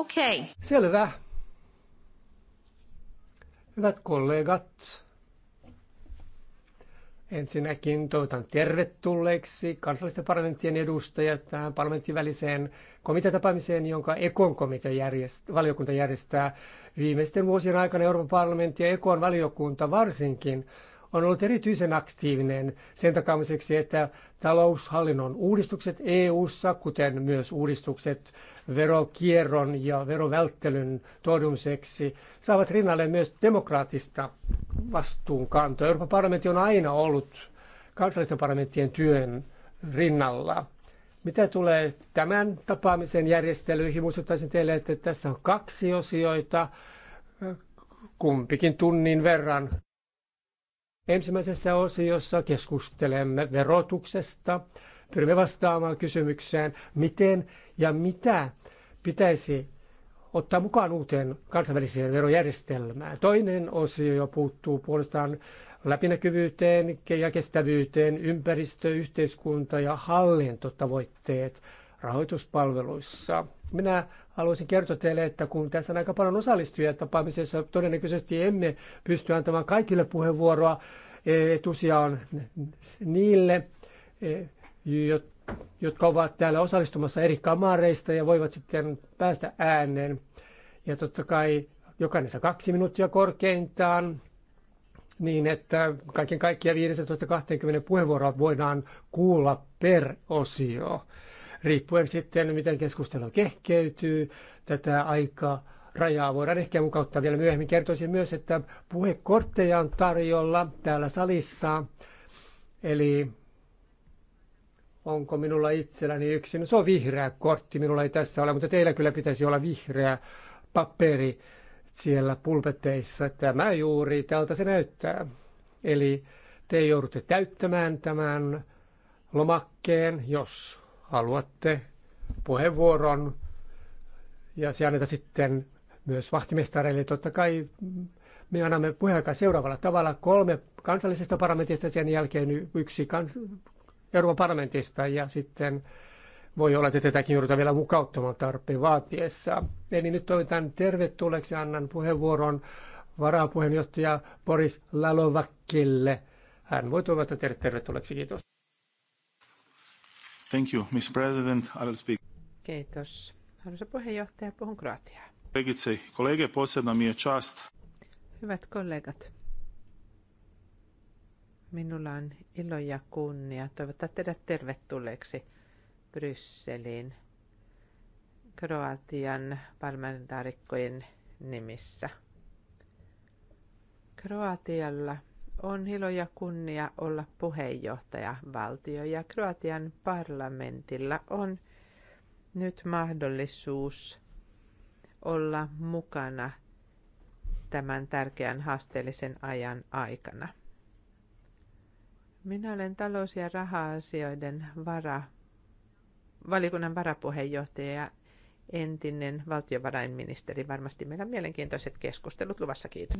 Okay. Selvä. Hyvät kollegat, ensinnäkin toivotan tervetulleeksi kansallisten parlamenttien edustajat tähän parlamentin väliseen komiteatapaamiseen, jonka Ekon komitea järjest, valiokunta järjestää viimeisten vuosien aikana Euroopan parlamentti ja Ekon valiokunta varsinkin – on ollut erityisen aktiivinen sen takaamiseksi, että taloushallinnon uudistukset EU-ssa, kuten myös uudistukset verokierron ja verovälttelyn torjumiseksi, saavat rinnalle myös demokraattista vastuunkantoa. Euroopan parlamentti on aina ollut kansallisten parlamenttien työn rinnalla. Mitä tulee tämän tapaamisen järjestelyihin, muistuttaisin teille, että tässä on kaksi osioita, kumpikin tunnin verran. Ensimmäisessä osiossa keskustelemme verotuksesta. Pyrimme vastaamaan kysymykseen, miten ja mitä pitäisi ottaa mukaan uuteen kansainväliseen verojärjestelmään. Toinen osio jo puuttuu puolestaan läpinäkyvyyteen ja kestävyyteen, ympäristö, yhteiskunta ja hallintotavoitteet rahoituspalveluissa. Minä haluaisin kertoa teille, että kun tässä on aika paljon osallistujia tapaamisessa, todennäköisesti emme pysty antamaan kaikille puheenvuoroa e, etusiaan niille, e, jotka ovat täällä osallistumassa eri kamareista ja voivat sitten päästä ääneen. Ja totta kai jokainen saa kaksi minuuttia korkeintaan, niin että kaiken kaikkiaan 15-20 puheenvuoroa voidaan kuulla per osio riippuen sitten, miten keskustelu kehkeytyy tätä aikaa. Rajaa voidaan ehkä mukauttaa vielä myöhemmin. Kertoisin myös, että puhekortteja on tarjolla täällä salissa. Eli onko minulla itselläni yksi? No se on vihreä kortti, minulla ei tässä ole, mutta teillä kyllä pitäisi olla vihreä paperi siellä pulpeteissa. Tämä juuri tältä se näyttää. Eli te joudutte täyttämään tämän lomakkeen, jos haluatte puheenvuoron ja se annetaan sitten myös vahtimestareille. Totta kai me annamme puheenjohtajan seuraavalla tavalla kolme kansallisesta parlamentista, sen jälkeen yksi kans- Euroopan parlamentista ja sitten voi olla, että tätäkin joudutaan vielä mukauttamaan tarpeen vaatiessa. Eli nyt toivotan tervetulleeksi annan puheenvuoron varapuheenjohtaja Boris Lalovakille. Hän voi toivottaa teidät tervetulleeksi. Kiitos. Thank you, Miss President. I will speak. Kiitos. Arvoisa puheenjohtaja, puhun kroatiaa. Kolegice kolege, posebna mi je čast. Hyvät kollegat, minulla on ilo ja kunnia toivottaa teidät tervetulleeksi Brysseliin Kroatian parlamentaarikkojen nimissä. Kroatialla – on ilo ja kunnia olla puheenjohtaja valtio ja Kroatian parlamentilla on nyt mahdollisuus olla mukana tämän tärkeän haasteellisen ajan aikana. Minä olen talous- ja raha-asioiden vara, valikunnan varapuheenjohtaja entinen valtiovarainministeri. Varmasti meillä on mielenkiintoiset keskustelut luvassa. Kiitos.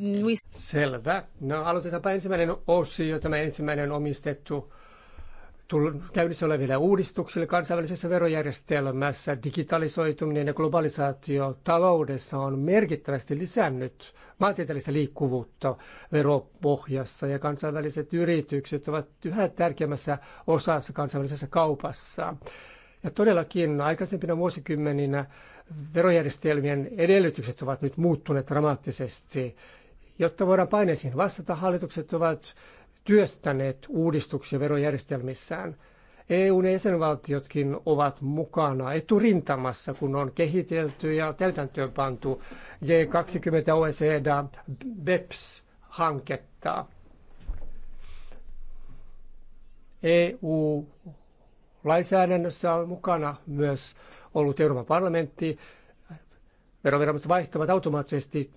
Selvä. No aloitetaanpa ensimmäinen osio, tämä ensimmäinen omistettu käynnissä oleville uudistuksille kansainvälisessä verojärjestelmässä digitalisoituminen ja globalisaatio taloudessa on merkittävästi lisännyt maantieteellistä liikkuvuutta veropohjassa ja kansainväliset yritykset ovat yhä tärkeämmässä osassa kansainvälisessä kaupassa. Ja todellakin aikaisempina vuosikymmeninä verojärjestelmien edellytykset ovat nyt muuttuneet dramaattisesti. Jotta voidaan paineisiin vastata, hallitukset ovat työstäneet uudistuksia verojärjestelmissään. EUn jäsenvaltiotkin ovat mukana eturintamassa, kun on kehitelty ja täytäntöön pantu G20 OECD BEPS-hanketta. EU lainsäädännössä on mukana myös ollut Euroopan parlamentti. Veroviranomaiset vaihtavat automaattisesti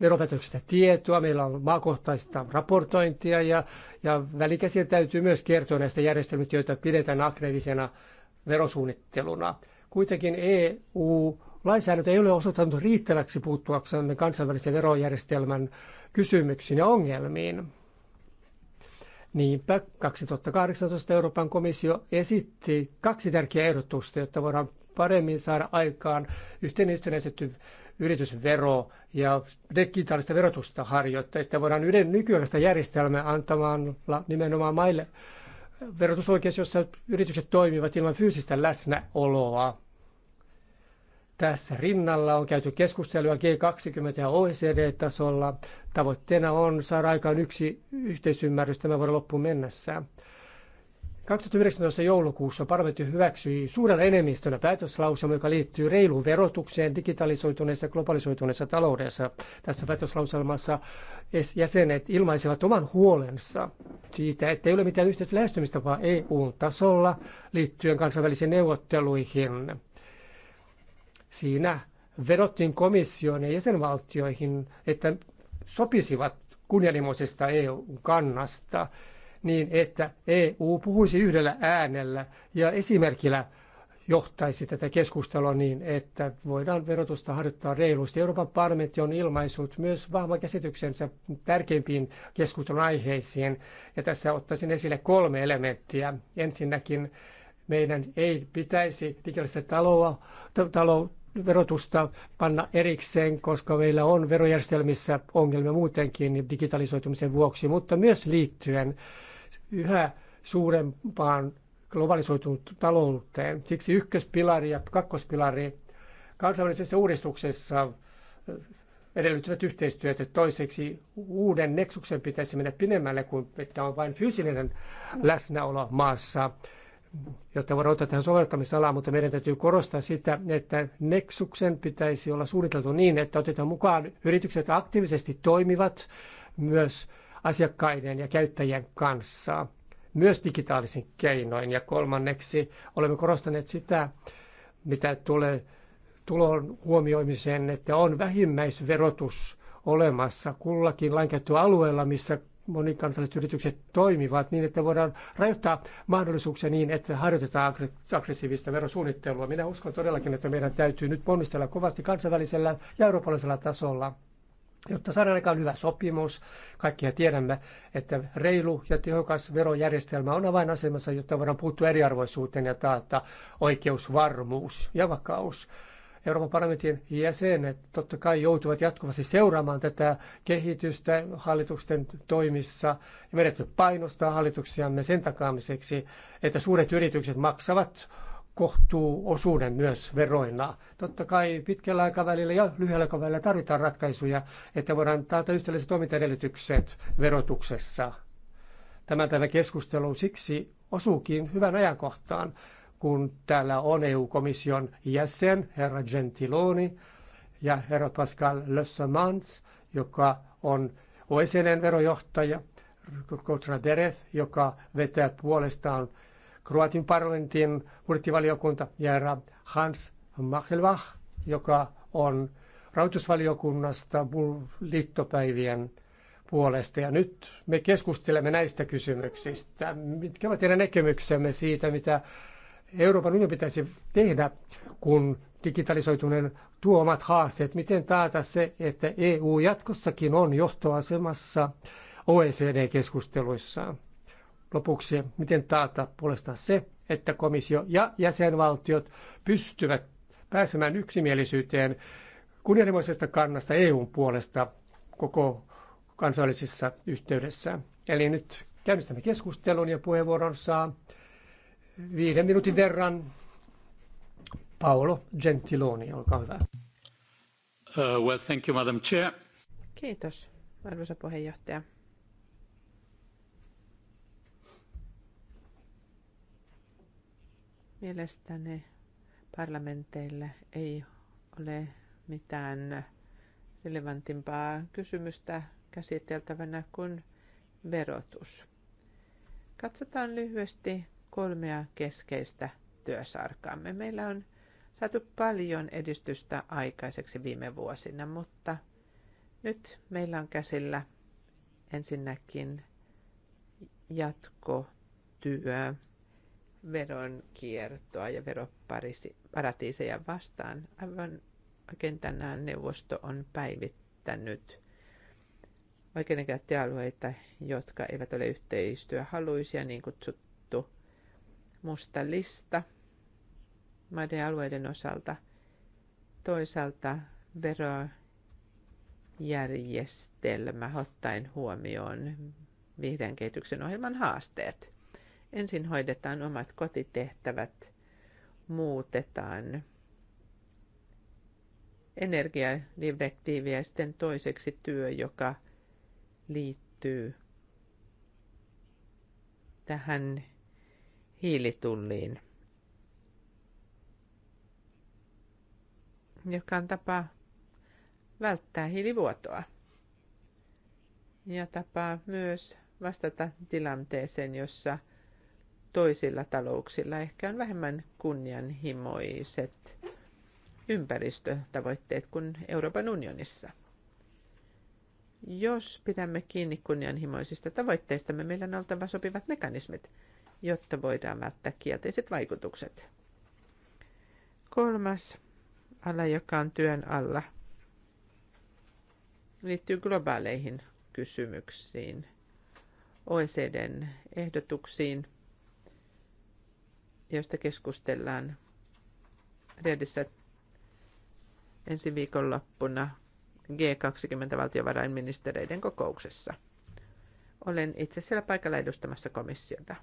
veropäätöksistä tietoa, meillä on maakohtaista raportointia ja, ja välikäsiä täytyy myös kertoa näistä järjestelmistä, joita pidetään aktiivisena verosuunnitteluna. Kuitenkin EU-lainsäädäntö ei ole osoittanut riittäväksi puuttuaksemme kansainvälisen verojärjestelmän kysymyksiin ja ongelmiin. Niinpä 2018 Euroopan komissio esitti kaksi tärkeää ehdotusta, jotta voidaan paremmin saada aikaan yhteen yhtenäisetty yritysvero ja digitaalista verotusta harjoittaa, että voidaan yhden nykyaikaista järjestelmää antamaan nimenomaan maille verotusoikeus, jossa yritykset toimivat ilman fyysistä läsnäoloa. Tässä rinnalla on käyty keskustelua G20 ja OECD-tasolla. Tavoitteena on saada aikaan yksi yhteisymmärrys tämän vuoden loppuun mennessä. 2019 joulukuussa parlamentti hyväksyi suurella enemmistönä päätöslauselma, joka liittyy reiluun verotukseen digitalisoituneessa ja globalisoituneessa taloudessa. Tässä päätöslauselmassa jäsenet ilmaisivat oman huolensa siitä, että ei ole mitään yhteistä lähestymistapaa eu tasolla liittyen kansainvälisiin neuvotteluihin Siinä vedottiin komissioon ja jäsenvaltioihin, että sopisivat kunnianhimoisesta EU-kannasta niin, että EU puhuisi yhdellä äänellä ja esimerkillä johtaisi tätä keskustelua niin, että voidaan verotusta harjoittaa reilusti. Euroopan parlamentti on ilmaissut myös vahvan käsityksensä tärkeimpiin keskustelun aiheisiin, ja tässä ottaisin esille kolme elementtiä. Ensinnäkin meidän ei pitäisi digitaalista taloa, verotusta panna erikseen, koska meillä on verojärjestelmissä ongelmia muutenkin niin digitalisoitumisen vuoksi, mutta myös liittyen yhä suurempaan globalisoitunut talouteen. Siksi ykköspilari ja kakkospilari kansainvälisessä uudistuksessa eh, edellyttävät yhteistyötä. Toiseksi uuden neksuksen pitäisi mennä pidemmälle kuin että on vain fyysinen läsnäolo maassa jotta voidaan ottaa tähän soveltamisalaa, mutta meidän täytyy korostaa sitä, että Nexuksen pitäisi olla suunniteltu niin, että otetaan mukaan yritykset, jotka aktiivisesti toimivat myös asiakkaiden ja käyttäjien kanssa, myös digitaalisin keinoin. Ja kolmanneksi olemme korostaneet sitä, mitä tulee tulon huomioimiseen, että on vähimmäisverotus olemassa kullakin lainkäyttöalueella, missä monikansalliset yritykset toimivat niin, että voidaan rajoittaa mahdollisuuksia niin, että harjoitetaan aggressiivista verosuunnittelua. Minä uskon todellakin, että meidän täytyy nyt ponnistella kovasti kansainvälisellä ja eurooppalaisella tasolla, jotta saadaan aikaan hyvä sopimus. Kaikkia tiedämme, että reilu ja tehokas verojärjestelmä on avainasemassa, jotta voidaan puuttua eriarvoisuuteen ja taata oikeusvarmuus ja vakaus. Euroopan parlamentin jäsenet totta kai joutuvat jatkuvasti seuraamaan tätä kehitystä hallitusten toimissa ja meidän painostaa hallituksiamme sen takaamiseksi, että suuret yritykset maksavat kohtuu osuuden myös veroina. Totta kai pitkällä aikavälillä ja lyhyellä aikavälillä tarvitaan ratkaisuja, että voidaan taata yhtäläiset toimintaedellytykset verotuksessa. Tämän päivän keskustelu siksi osuukin hyvän ajankohtaan kun täällä on EU-komission jäsen, herra Gentiloni, ja herra Pascal Lössamans, joka on OECDn verojohtaja, Kotra Dereth, joka vetää puolestaan Kroatin parlamentin budjettivaliokunta, ja herra Hans Machelbach, joka on rahoitusvaliokunnasta liittopäivien puolesta. Ja nyt me keskustelemme näistä kysymyksistä. Mitkä ovat teidän näkemyksemme siitä, mitä Euroopan unionin pitäisi tehdä, kun digitalisoituneen tuo omat haasteet? Miten taata se, että EU jatkossakin on johtoasemassa OECD-keskusteluissa? Lopuksi, miten taata puolestaan se, että komissio ja jäsenvaltiot pystyvät pääsemään yksimielisyyteen kunnianhimoisesta kannasta EUn puolesta koko kansallisessa yhteydessä. Eli nyt käynnistämme keskustelun ja puheenvuoron saa viiden minuutin verran. Paolo Gentiloni, olkaa hyvä. Uh, well, thank you, Madam Chair. Kiitos, arvoisa puheenjohtaja. Mielestäni parlamenteille ei ole mitään relevantimpaa kysymystä käsiteltävänä kuin verotus. Katsotaan lyhyesti kolmea keskeistä työsarkaamme. Meillä on saatu paljon edistystä aikaiseksi viime vuosina, mutta nyt meillä on käsillä ensinnäkin jatkotyö veronkiertoa ja veroparatiiseja vastaan. Aivan oikein tänään neuvosto on päivittänyt oikeudenkäyttöalueita, jotka eivät ole yhteistyöhaluisia, niin kutsut musta lista maiden alueiden osalta. Toisaalta verojärjestelmä ottaen huomioon vihreän kehityksen ohjelman haasteet. Ensin hoidetaan omat kotitehtävät, muutetaan energiadirektiiviä ja sitten toiseksi työ, joka liittyy tähän hiilitulliin, joka on tapa välttää hiilivuotoa ja tapa myös vastata tilanteeseen, jossa toisilla talouksilla ehkä on vähemmän kunnianhimoiset ympäristötavoitteet kuin Euroopan unionissa. Jos pidämme kiinni kunnianhimoisista tavoitteista, meillä on oltava sopivat mekanismit – jotta voidaan välttää kielteiset vaikutukset. Kolmas ala, joka on työn alla, liittyy globaaleihin kysymyksiin, OECDn ehdotuksiin, joista keskustellaan Riedissä ensi viikonloppuna G20-valtiovarainministereiden kokouksessa. Olen itse siellä paikalla edustamassa komissiota.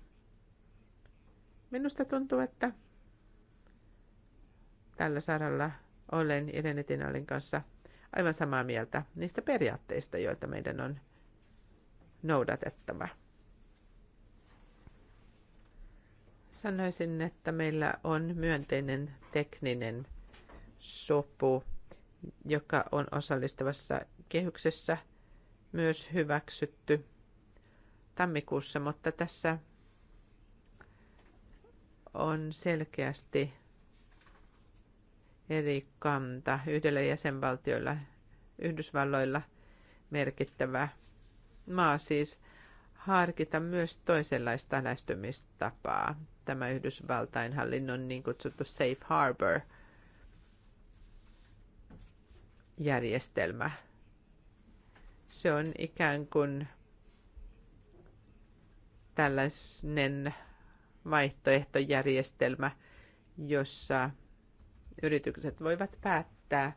Minusta tuntuu, että tällä saralla olen Irene Tinalin kanssa aivan samaa mieltä niistä periaatteista, joita meidän on noudatettava. Sanoisin, että meillä on myönteinen tekninen sopu, joka on osallistavassa kehyksessä myös hyväksytty tammikuussa, mutta tässä on selkeästi eri kanta yhdellä jäsenvaltioilla, Yhdysvalloilla merkittävä maa siis harkita myös toisenlaista lähestymistapaa. Tämä Yhdysvaltain hallinnon niin kutsuttu safe harbor järjestelmä. Se on ikään kuin tällainen vaihtoehtojärjestelmä, jossa yritykset voivat päättää,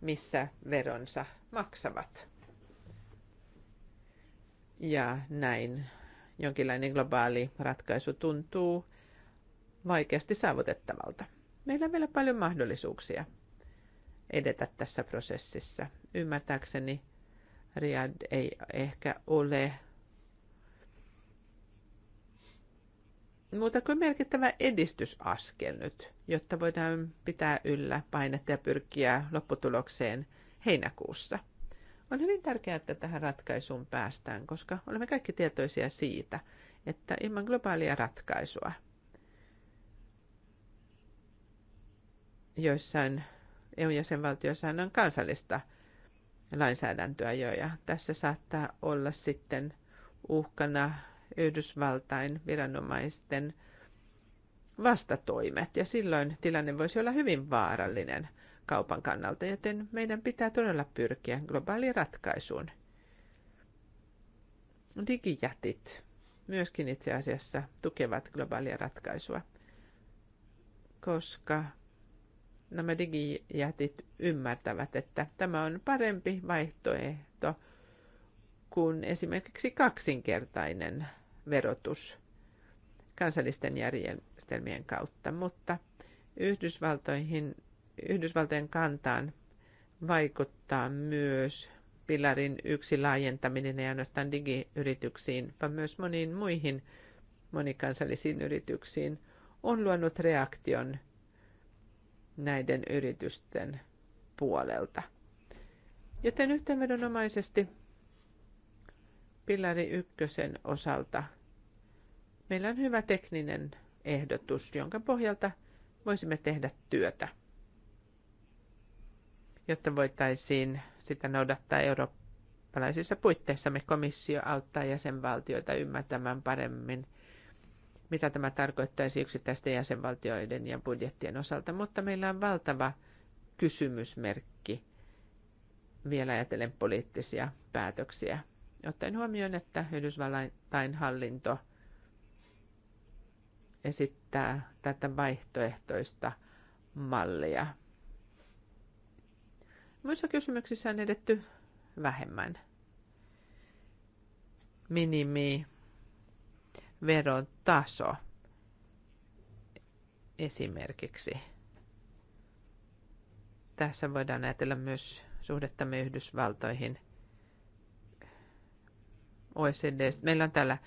missä veronsa maksavat. Ja näin jonkinlainen globaali ratkaisu tuntuu vaikeasti saavutettavalta. Meillä on vielä paljon mahdollisuuksia edetä tässä prosessissa. Ymmärtääkseni Riad ei ehkä ole muuta kuin merkittävä edistysaskel nyt, jotta voidaan pitää yllä painetta ja pyrkiä lopputulokseen heinäkuussa. On hyvin tärkeää, että tähän ratkaisuun päästään, koska olemme kaikki tietoisia siitä, että ilman globaalia ratkaisua joissain EU-jäsenvaltioissa on kansallista lainsäädäntöä jo, ja tässä saattaa olla sitten uhkana Yhdysvaltain viranomaisten vastatoimet. Ja silloin tilanne voisi olla hyvin vaarallinen kaupan kannalta, joten meidän pitää todella pyrkiä globaaliin ratkaisuun. Digijätit myöskin itse asiassa tukevat globaalia ratkaisua, koska nämä digijätit ymmärtävät, että tämä on parempi vaihtoehto kuin esimerkiksi kaksinkertainen verotus kansallisten järjestelmien kautta, mutta Yhdysvaltoihin, Yhdysvaltojen kantaan vaikuttaa myös pilarin yksi laajentaminen ei ainoastaan digiyrityksiin, vaan myös moniin muihin monikansallisiin yrityksiin on luonut reaktion näiden yritysten puolelta. Joten yhteenvedonomaisesti pilari ykkösen osalta – Meillä on hyvä tekninen ehdotus, jonka pohjalta voisimme tehdä työtä, jotta voitaisiin sitä noudattaa eurooppalaisissa Me Komissio auttaa jäsenvaltioita ymmärtämään paremmin, mitä tämä tarkoittaisi yksittäisten jäsenvaltioiden ja budjettien osalta, mutta meillä on valtava kysymysmerkki vielä ajatellen poliittisia päätöksiä. Ottaen huomioon, että Yhdysvaltain hallinto – esittää tätä vaihtoehtoista mallia. Muissa kysymyksissä on edetty vähemmän. Minimi verotaso esimerkiksi. Tässä voidaan ajatella myös suhdettamme Yhdysvaltoihin. OECD. Meillä on täällä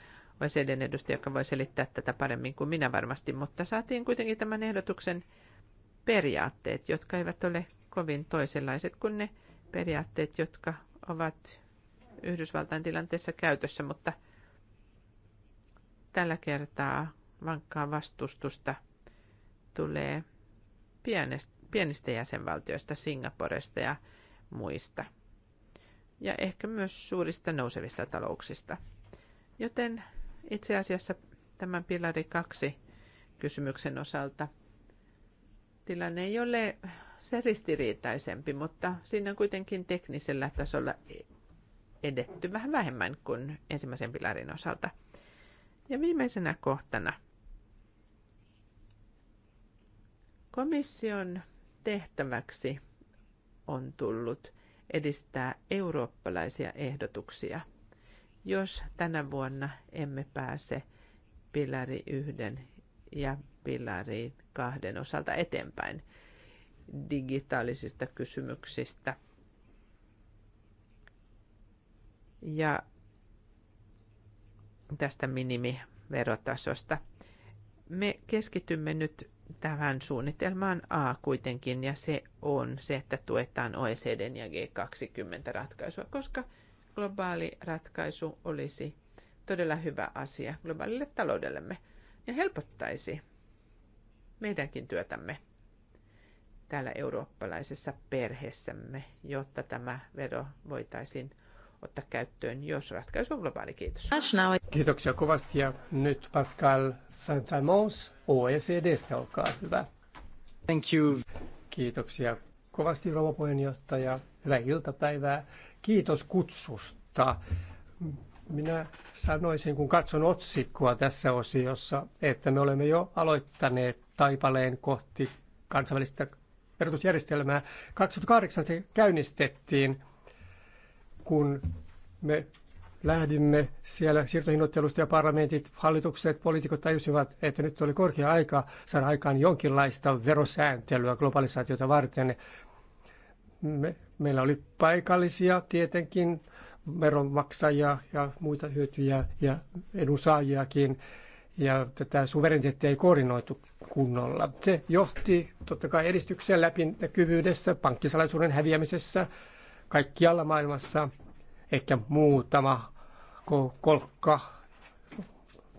OECDn edustaja, joka voi selittää tätä paremmin kuin minä varmasti, mutta saatiin kuitenkin tämän ehdotuksen periaatteet, jotka eivät ole kovin toisenlaiset kuin ne periaatteet, jotka ovat Yhdysvaltain tilanteessa käytössä, mutta tällä kertaa vankkaa vastustusta tulee pienestä, pienistä jäsenvaltioista, Singaporesta ja muista. Ja ehkä myös suurista nousevista talouksista. Joten itse asiassa tämän pilari kaksi kysymyksen osalta tilanne ei ole se ristiriitaisempi, mutta siinä on kuitenkin teknisellä tasolla edetty vähän vähemmän kuin ensimmäisen pilarin osalta. Ja viimeisenä kohtana komission tehtäväksi on tullut edistää eurooppalaisia ehdotuksia – jos tänä vuonna emme pääse pilari yhden ja pilariin kahden osalta eteenpäin digitaalisista kysymyksistä. Ja tästä minimiverotasosta. Me keskitymme nyt tähän suunnitelmaan A kuitenkin, ja se on se, että tuetaan OECDn ja G20-ratkaisua, koska – globaali ratkaisu olisi todella hyvä asia globaalille taloudellemme ja helpottaisi meidänkin työtämme täällä eurooppalaisessa perheessämme, jotta tämä vero voitaisiin ottaa käyttöön, jos ratkaisu on globaali. Kiitos. Kiitoksia kovasti ja nyt Pascal Saint-Amons OECDstä, olkaa hyvä. Thank you. Kiitoksia kovasti rouva puheenjohtaja. Hyvää iltapäivää. Kiitos kutsusta. Minä sanoisin, kun katson otsikkoa tässä osiossa, että me olemme jo aloittaneet taipaleen kohti kansainvälistä verotusjärjestelmää. 2008 se käynnistettiin, kun me lähdimme siellä siirtohinnoittelusta ja parlamentit, hallitukset, poliitikot tajusivat, että nyt oli korkea aika saada aikaan jonkinlaista verosääntelyä globalisaatiota varten. Me Meillä oli paikallisia tietenkin veronmaksajia ja muita hyötyjä ja edunsaajiakin. Ja tätä suvereniteettia ei koordinoitu kunnolla. Se johti totta kai edistykseen läpinäkyvyydessä, pankkisalaisuuden häviämisessä kaikkialla maailmassa. Ehkä muutama kolkka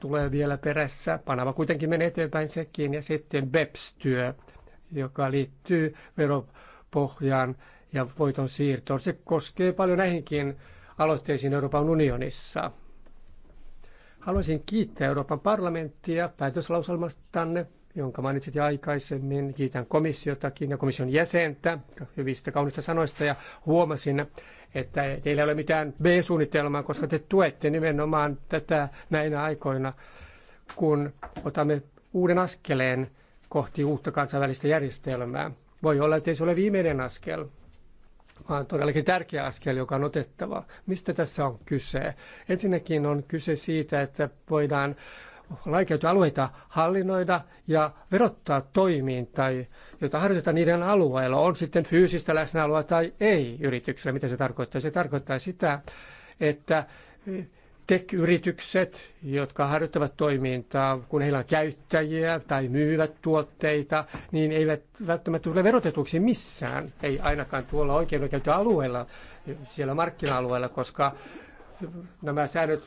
tulee vielä perässä. Panama kuitenkin menee eteenpäin sekin. Ja sitten BEPS-työ, joka liittyy veropohjaan ja voiton siirtoon. Se koskee paljon näihinkin aloitteisiin Euroopan unionissa. Haluaisin kiittää Euroopan parlamenttia päätöslauselmastanne, jonka mainitsit jo aikaisemmin. Kiitän komissiotakin ja komission jäsentä hyvistä kaunista sanoista ja huomasin, että teillä ei ole mitään B-suunnitelmaa, koska te tuette nimenomaan tätä näinä aikoina, kun otamme uuden askeleen kohti uutta kansainvälistä järjestelmää. Voi olla, että ei se ole viimeinen askel, vaan todellakin tärkeä askel, joka on otettava. Mistä tässä on kyse? Ensinnäkin on kyse siitä, että voidaan laikeutua alueita hallinnoida ja verottaa tai jota harjoitetaan niiden alueella, on sitten fyysistä läsnäoloa tai ei yrityksellä. Mitä se tarkoittaa? Se tarkoittaa sitä, että tech-yritykset, jotka harjoittavat toimintaa, kun heillä on käyttäjiä tai myyvät tuotteita, niin eivät välttämättä tule verotetuksi missään, ei ainakaan tuolla oikeudenkäyttöalueella, siellä markkina-alueella, koska nämä säännöt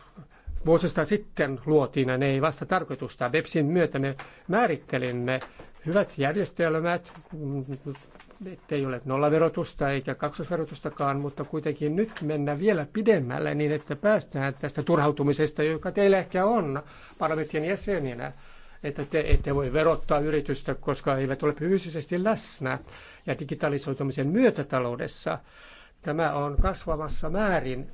vuosista sitten luotiin ja ne ei vasta tarkoitusta. BEPSin myötä me määrittelimme hyvät järjestelmät ei ole nollaverotusta eikä kaksosverotustakaan, mutta kuitenkin nyt mennä vielä pidemmälle niin, että päästään tästä turhautumisesta, joka teillä ehkä on parlamentin jäseninä, että te ette voi verottaa yritystä, koska eivät ole fyysisesti läsnä ja digitalisoitumisen myötä taloudessa. Tämä on kasvamassa määrin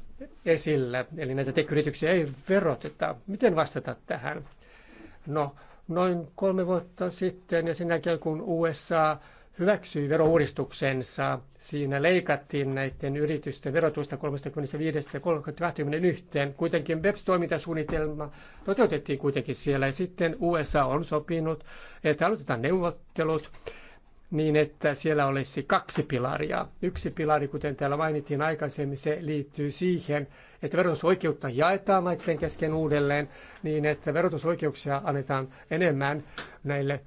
esillä, eli näitä tekyrityksiä ei veroteta. Miten vastata tähän? No, noin kolme vuotta sitten ja sen jälkeen kun USA hyväksyi verouudistuksensa. Siinä leikattiin näiden yritysten verotusta 35 ja 31. Kuitenkin BEPS-toimintasuunnitelma toteutettiin kuitenkin siellä ja sitten USA on sopinut, että aloitetaan neuvottelut niin, että siellä olisi kaksi pilaria. Yksi pilari, kuten täällä mainittiin aikaisemmin, se liittyy siihen, että verotusoikeutta jaetaan maiden kesken uudelleen niin, että verotusoikeuksia annetaan enemmän näille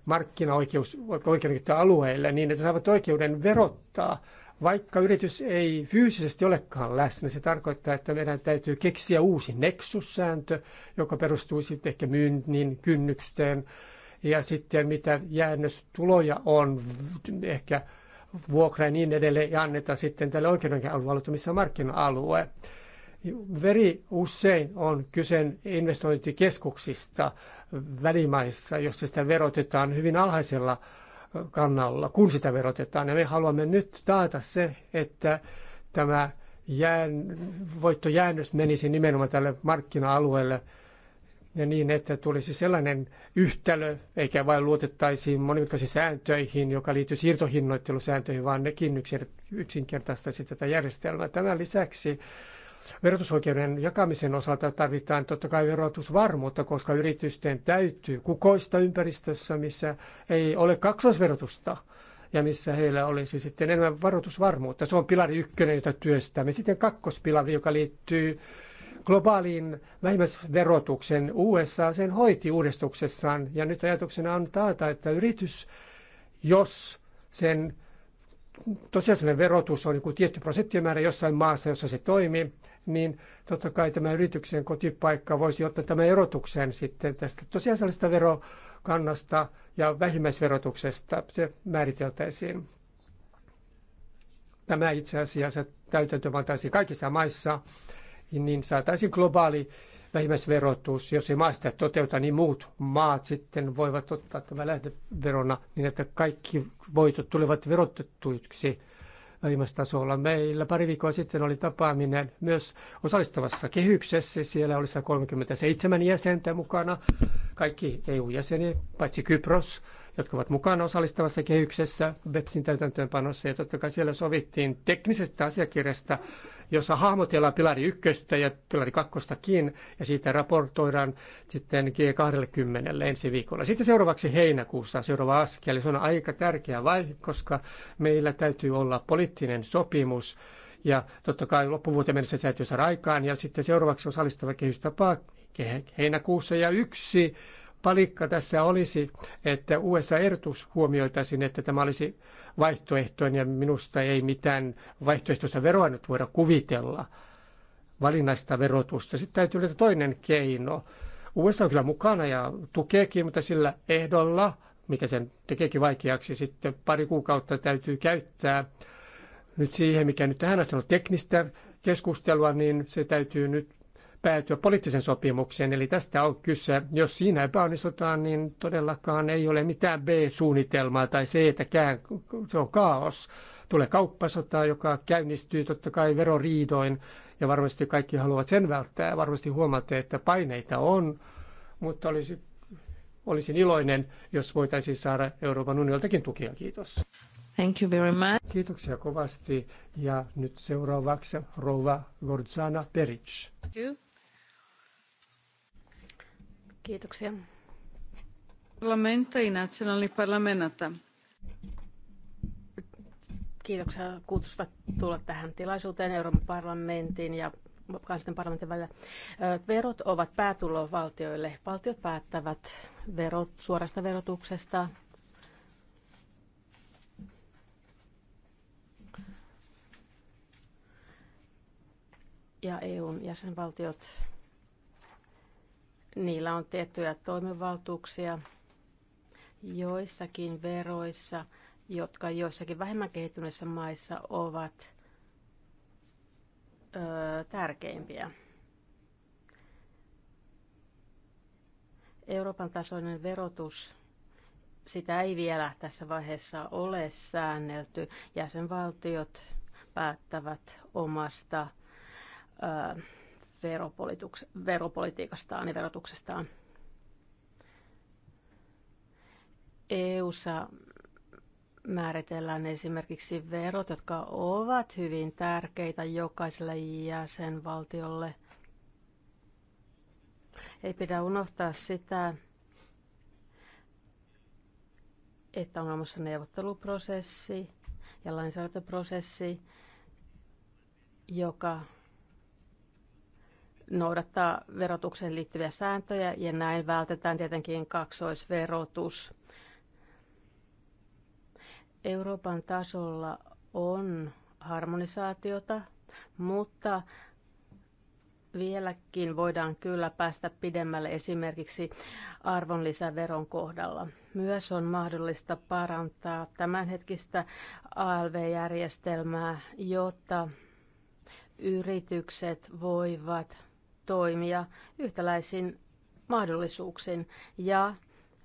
alueille, niin, että saavat oikeuden verottaa vaikka yritys ei fyysisesti olekaan läsnä, se tarkoittaa, että meidän täytyy keksiä uusi neksussääntö, joka perustuu sitten ehkä myynnin kynnykseen ja sitten mitä jäännöstuloja on, ehkä vuokra ja niin edelleen, ja annetaan sitten tälle oikeudenkäynnin alueelle, missä on markkina-alue. Veri usein on kyse investointikeskuksista välimaissa, jossa sitä verotetaan hyvin alhaisella kannalla, kun sitä verotetaan. Ja me haluamme nyt taata se, että tämä jään, voittojäännös menisi nimenomaan tälle markkina-alueelle ja niin, että tulisi sellainen yhtälö, eikä vain luotettaisiin monimutkaisiin sääntöihin, joka liittyy siirtohinnoittelusääntöihin, vaan nekin yksinkertaistaisi tätä järjestelmää. Tämän lisäksi verotusoikeuden jakamisen osalta tarvitaan totta kai verotusvarmuutta, koska yritysten täytyy kukoista ympäristössä, missä ei ole kaksoisverotusta ja missä heillä olisi sitten enemmän varoitusvarmuutta. Se on pilari ykkönen, jota työstämme. Sitten kakkospilari, joka liittyy globaaliin vähimmäisverotuksen USA sen hoiti uudistuksessaan. Ja nyt ajatuksena on taata, että yritys, jos sen tosiasiallinen verotus on joku tietty prosenttimäärä jossain maassa, jossa se toimii, niin totta kai tämä yrityksen kotipaikka voisi ottaa tämän erotuksen sitten tästä tosiasiallisesta verokannasta ja vähimmäisverotuksesta. Se määriteltäisiin. Tämä itse asiassa täytäntöön pantaisiin kaikissa maissa, niin saataisiin globaali vähimmäisverotus, jos ei maa sitä toteuta, niin muut maat sitten voivat ottaa tämän lähdeverona niin, että kaikki voitot tulevat verotettuiksi tasolla. Meillä pari viikkoa sitten oli tapaaminen myös osallistavassa kehyksessä. Siellä oli 137 jäsentä mukana, kaikki EU-jäseniä, paitsi Kypros jotka ovat mukana osallistavassa kehyksessä BEPSin täytäntöönpanossa. Ja totta kai siellä sovittiin teknisestä asiakirjasta, jossa hahmotellaan pilari ykköstä ja pilari kakkostakin, ja siitä raportoidaan sitten G20 ensi viikolla. Sitten seuraavaksi heinäkuussa seuraava askel. Se on aika tärkeä vaihe, koska meillä täytyy olla poliittinen sopimus, ja totta kai loppuvuoteen mennessä täytyy saada aikaan, ja sitten seuraavaksi osallistava kehys tapaa heinäkuussa, ja yksi palikka tässä olisi, että USA-ehdotus huomioitaisiin, että tämä olisi vaihtoehtoinen ja minusta ei mitään vaihtoehtoista veroa nyt voida kuvitella valinnaista verotusta. Sitten täytyy löytää toinen keino. USA on kyllä mukana ja tukeekin, mutta sillä ehdolla, mikä sen tekeekin vaikeaksi, sitten pari kuukautta täytyy käyttää nyt siihen, mikä nyt tähän asti on teknistä keskustelua, niin se täytyy nyt päätyä poliittiseen sopimukseen, eli tästä on kyse. Jos siinä epäonnistutaan, niin todellakaan ei ole mitään B-suunnitelmaa tai c kään, se on kaos. Tulee kauppasota, joka käynnistyy totta kai veroriidoin, ja varmasti kaikki haluavat sen välttää. Varmasti huomaatte, että paineita on, mutta olisi, olisin iloinen, jos voitaisiin saada Euroopan unioniltakin tukia. Kiitos. Thank you very much. Kiitoksia kovasti. Ja nyt seuraavaksi Rova Gordzana Peric. Thank you. Kiitoksia. Parlamenta i nacionalnih parlamenta. Kiitoksia kutsusta tulla tähän tilaisuuteen Euroopan parlamentin ja kansallisten parlamentin välillä. Verot ovat päätulo valtioille. Valtiot päättävät verot, suorasta verotuksesta, ja EUn jäsenvaltiot Niillä on tiettyjä toimivaltuuksia joissakin veroissa, jotka joissakin vähemmän kehittyneissä maissa ovat ö, tärkeimpiä. Euroopan tasoinen verotus, sitä ei vielä tässä vaiheessa ole säännelty. Jäsenvaltiot päättävät omasta ö, veropolitiikastaan ja verotuksestaan. EUssa määritellään esimerkiksi verot, jotka ovat hyvin tärkeitä jokaiselle jäsenvaltiolle. Ei pidä unohtaa sitä, että on olemassa neuvotteluprosessi ja lainsäädäntöprosessi, joka noudattaa verotukseen liittyviä sääntöjä ja näin vältetään tietenkin kaksoisverotus. Euroopan tasolla on harmonisaatiota, mutta vieläkin voidaan kyllä päästä pidemmälle esimerkiksi arvonlisäveron kohdalla. Myös on mahdollista parantaa tämänhetkistä ALV-järjestelmää, jotta yritykset voivat toimia yhtäläisin mahdollisuuksin ja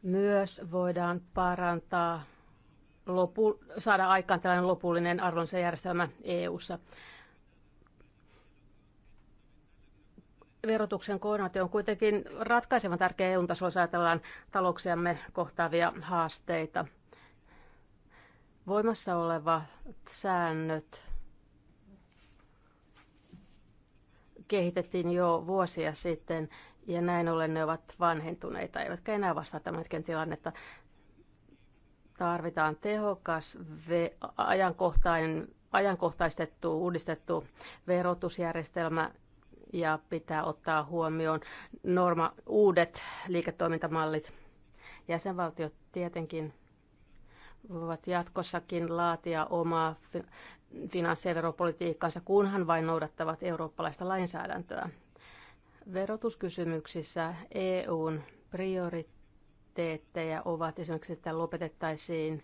myös voidaan parantaa, lopu, saada aikaan tällainen lopullinen arvonlisäjärjestelmä EU-ssa. Verotuksen koordinaatio on kuitenkin ratkaisevan tärkeä EU-tasolla, jos ajatellaan talouksiamme kohtaavia haasteita. Voimassa olevat säännöt kehitettiin jo vuosia sitten ja näin ollen ne ovat vanhentuneita, eivätkä enää vastaa tämän hetken tilannetta. Tarvitaan tehokas, ajankohtainen, ajankohtaistettu, uudistettu verotusjärjestelmä ja pitää ottaa huomioon norma, uudet liiketoimintamallit. Jäsenvaltiot tietenkin voivat jatkossakin laatia omaa finanssi- ja veropolitiikkaansa, kunhan vain noudattavat eurooppalaista lainsäädäntöä. Verotuskysymyksissä EUn prioriteetteja ovat esimerkiksi, että lopetettaisiin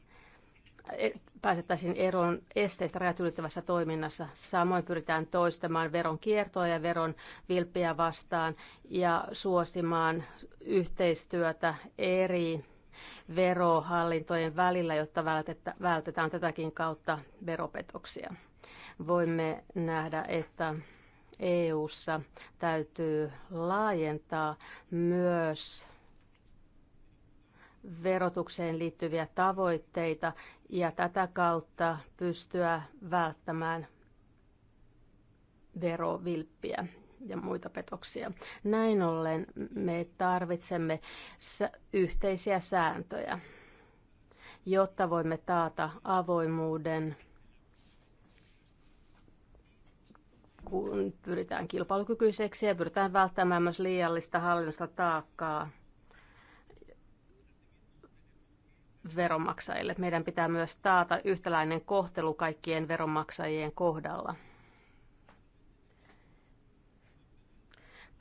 e-, pääsettäisiin eroon esteistä rajat ylittävässä toiminnassa. Samoin pyritään toistamaan veron kiertoa ja veron vilppiä vastaan ja suosimaan yhteistyötä eri verohallintojen välillä, jotta vältetään tätäkin kautta veropetoksia. Voimme nähdä, että EU:ssa täytyy laajentaa myös verotukseen liittyviä tavoitteita ja tätä kautta pystyä välttämään verovilppiä ja muita petoksia. Näin ollen me tarvitsemme yhteisiä sääntöjä, jotta voimme taata avoimuuden, kun pyritään kilpailukykyiseksi ja pyritään välttämään myös liiallista hallinnosta taakkaa veronmaksajille. Meidän pitää myös taata yhtäläinen kohtelu kaikkien veronmaksajien kohdalla.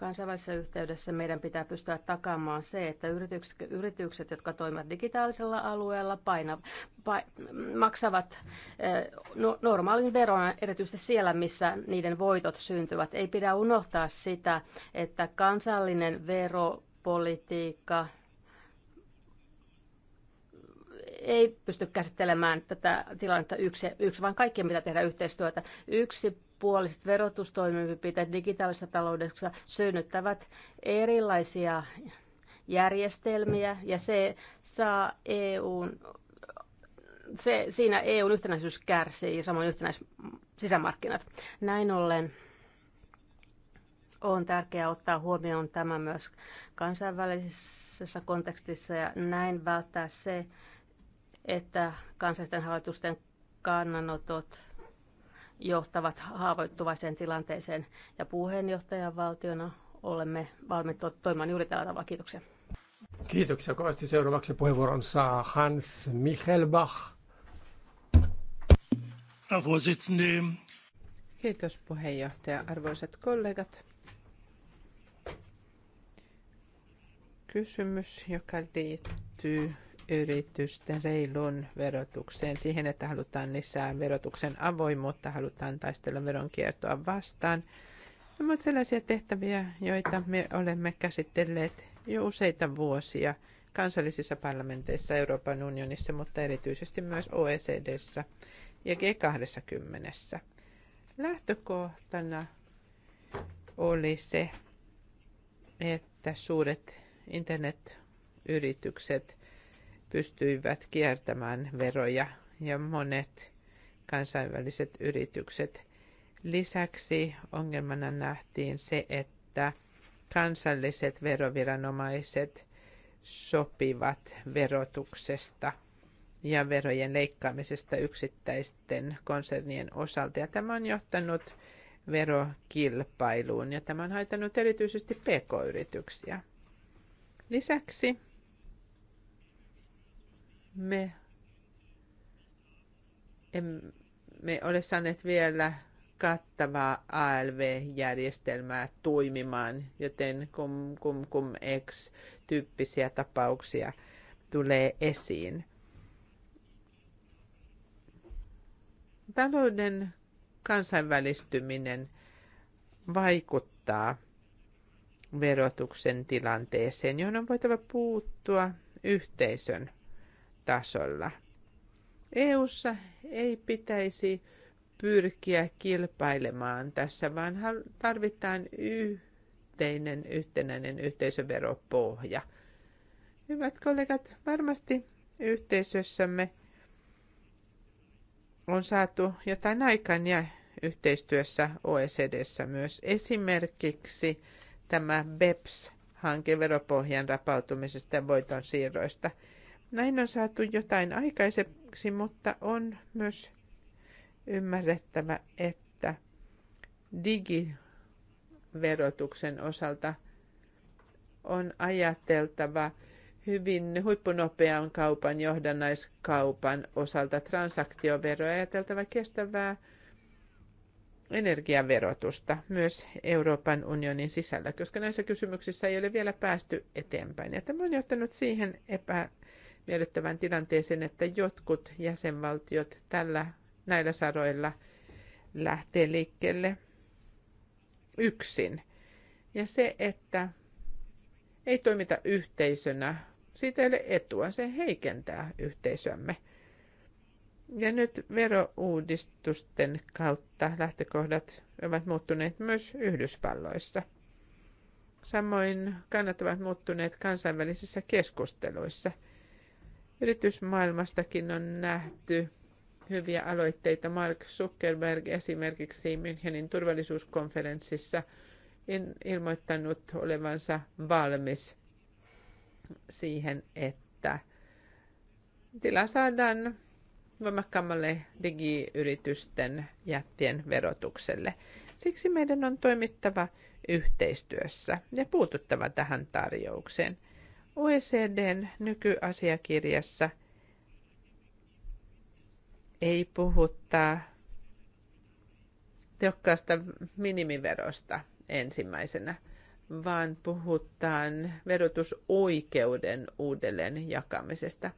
Kansainvälisessä yhteydessä meidän pitää pystyä takaamaan se, että yritykset, yritykset jotka toimivat digitaalisella alueella, paina, pa, maksavat no, normaalin veron erityisesti siellä, missä niiden voitot syntyvät. Ei pidä unohtaa sitä, että kansallinen veropolitiikka ei pysty käsittelemään tätä tilannetta yksi, yksi vaan kaikkien pitää tehdä yhteistyötä. Yksi tasapuoliset verotustoimenpiteet digitaalisessa taloudessa synnyttävät erilaisia järjestelmiä ja se saa EUn se, siinä EUn yhtenäisyys kärsii ja samoin yhtenäis sisämarkkinat. Näin ollen on tärkeää ottaa huomioon tämä myös kansainvälisessä kontekstissa ja näin välttää se, että kansallisten hallitusten kannanotot johtavat haavoittuvaiseen tilanteeseen. Ja puheenjohtajan valtiona olemme valmiit toimimaan juuri tällä tavalla. Kiitoksia. Kiitoksia kovasti. Seuraavaksi puheenvuoron saa Hans Michelbach. Kiitos puheenjohtaja. Arvoisat kollegat. Kysymys, joka liittyy yritysten reilun verotukseen, siihen, että halutaan lisää verotuksen avoimuutta, halutaan taistella veronkiertoa vastaan. Nämä ovat sellaisia tehtäviä, joita me olemme käsitelleet jo useita vuosia kansallisissa parlamenteissa Euroopan unionissa, mutta erityisesti myös OECDssä ja G20. Lähtökohtana oli se, että suuret internetyritykset pystyivät kiertämään veroja ja monet kansainväliset yritykset. Lisäksi ongelmana nähtiin se, että kansalliset veroviranomaiset sopivat verotuksesta ja verojen leikkaamisesta yksittäisten konsernien osalta. Ja tämä on johtanut verokilpailuun ja tämä on haitannut erityisesti pk-yrityksiä. Lisäksi me emme ole saaneet vielä kattavaa ALV-järjestelmää toimimaan, joten kum, kum, kum ex-tyyppisiä tapauksia tulee esiin. Talouden kansainvälistyminen vaikuttaa verotuksen tilanteeseen, johon on voitava puuttua yhteisön tasolla. EU:ssa ei pitäisi pyrkiä kilpailemaan tässä, vaan tarvitaan yhteinen, yhtenäinen yhteisöveropohja. Hyvät kollegat, varmasti yhteisössämme on saatu jotain aikaan ja yhteistyössä OECDssä myös esimerkiksi tämä BEPS-hanke veropohjan rapautumisesta ja voiton siirroista – näin on saatu jotain aikaiseksi, mutta on myös ymmärrettävä, että digiverotuksen osalta on ajateltava hyvin huippunopean kaupan johdannaiskaupan osalta transaktioveroa ajateltava kestävää energiaverotusta myös Euroopan unionin sisällä, koska näissä kysymyksissä ei ole vielä päästy eteenpäin. Ja tämä on johtanut siihen epä miellyttävän tilanteeseen, että jotkut jäsenvaltiot tällä, näillä saroilla lähtee liikkeelle yksin. Ja se, että ei toimita yhteisönä, siitä ei ole etua, se heikentää yhteisömme. Ja nyt verouudistusten kautta lähtökohdat ovat muuttuneet myös Yhdysvalloissa. Samoin kannat ovat muuttuneet kansainvälisissä keskusteluissa – Yritysmaailmastakin on nähty hyviä aloitteita. Mark Zuckerberg esimerkiksi Münchenin turvallisuuskonferenssissa en ilmoittanut olevansa valmis siihen, että tila saadaan voimakkaammalle digiyritysten jättien verotukselle. Siksi meidän on toimittava yhteistyössä ja puututtava tähän tarjoukseen – OECDn nykyasiakirjassa ei puhuta tehokkaasta minimiverosta ensimmäisenä, vaan puhutaan verotusoikeuden uudelleen jakamisesta.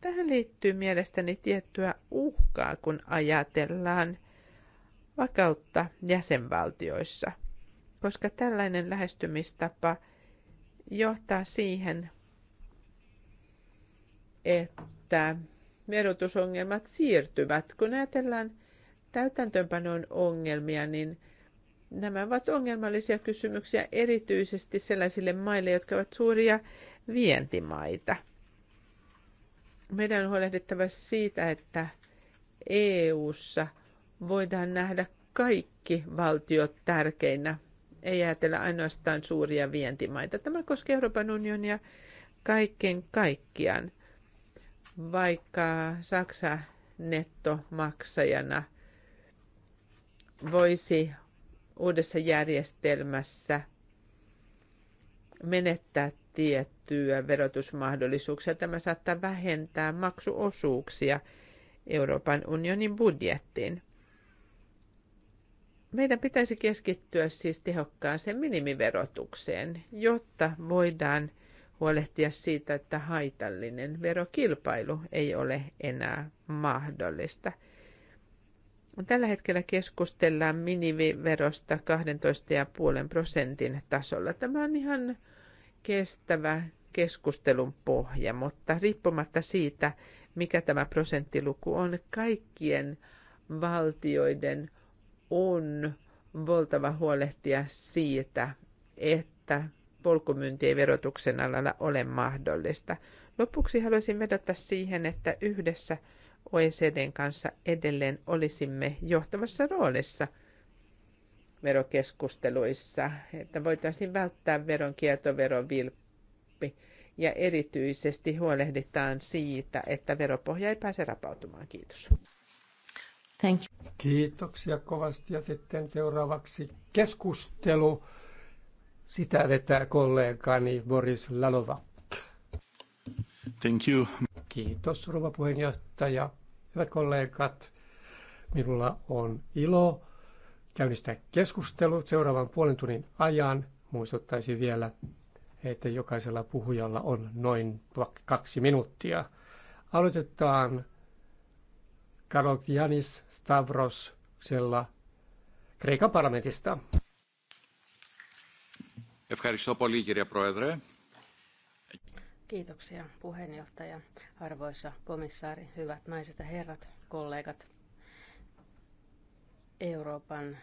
Tähän liittyy mielestäni tiettyä uhkaa, kun ajatellaan vakautta jäsenvaltioissa, koska tällainen lähestymistapa – johtaa siihen, että verotusongelmat siirtyvät. Kun ajatellaan täytäntöönpanon ongelmia, niin nämä ovat ongelmallisia kysymyksiä erityisesti sellaisille maille, jotka ovat suuria vientimaita. Meidän on huolehdittava siitä, että EU:ssa voidaan nähdä kaikki valtiot tärkeinä ei ajatella ainoastaan suuria vientimaita. Tämä koskee Euroopan unionia kaiken kaikkiaan, vaikka Saksa nettomaksajana voisi uudessa järjestelmässä menettää tiettyä verotusmahdollisuuksia. Tämä saattaa vähentää maksuosuuksia Euroopan unionin budjettiin meidän pitäisi keskittyä siis tehokkaaseen minimiverotukseen, jotta voidaan huolehtia siitä, että haitallinen verokilpailu ei ole enää mahdollista. Tällä hetkellä keskustellaan minimiverosta 12,5 prosentin tasolla. Tämä on ihan kestävä keskustelun pohja, mutta riippumatta siitä, mikä tämä prosenttiluku on, kaikkien valtioiden – on voltava huolehtia siitä, että polkumyynti ei verotuksen alalla ole mahdollista. Lopuksi haluaisin vedota siihen, että yhdessä OECDn kanssa edelleen olisimme johtavassa roolissa verokeskusteluissa, että voitaisiin välttää veronkierto, verovilppi ja erityisesti huolehditaan siitä, että veropohja ei pääse rapautumaan. Kiitos. Thank you. Kiitoksia kovasti ja sitten seuraavaksi keskustelu. Sitä vetää kollegani Boris Lalova. Thank you. Kiitos rouva puheenjohtaja. Hyvät kollegat, minulla on ilo käynnistää keskustelu seuraavan puolen tunnin ajan. Muistuttaisin vielä, että jokaisella puhujalla on noin kaksi minuuttia. Aloitetaan Kalogianis Stavroksella Kreikan parlamentista. Ευχαριστώ πολύ κύριε Πρόεδρε. Kiitoksia puheenjohtaja, arvoisa komissaari, hyvät naiset ja herrat, kollegat. Euroopan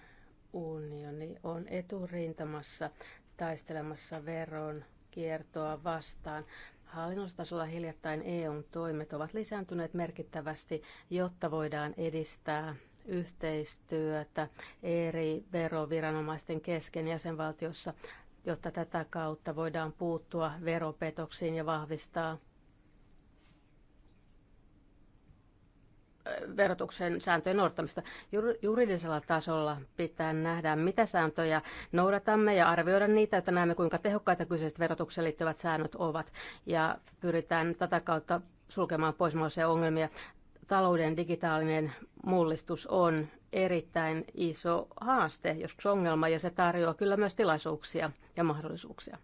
unioni on eturintamassa taistelemassa veron kiertoa vastaan. Hallinnostasolla hiljattain EUn toimet ovat lisääntyneet merkittävästi, jotta voidaan edistää yhteistyötä eri veroviranomaisten kesken jäsenvaltiossa, jotta tätä kautta voidaan puuttua veropetoksiin ja vahvistaa verotuksen sääntöjen noudattamista. Juridisella tasolla pitää nähdä, mitä sääntöjä noudatamme ja arvioida niitä, että näemme, kuinka tehokkaita kyseiset verotukseen liittyvät säännöt ovat. Ja pyritään tätä kautta sulkemaan pois mahdollisia ongelmia. Talouden digitaalinen mullistus on erittäin iso haaste, joskus ongelma, ja se tarjoaa kyllä myös tilaisuuksia ja mahdollisuuksia.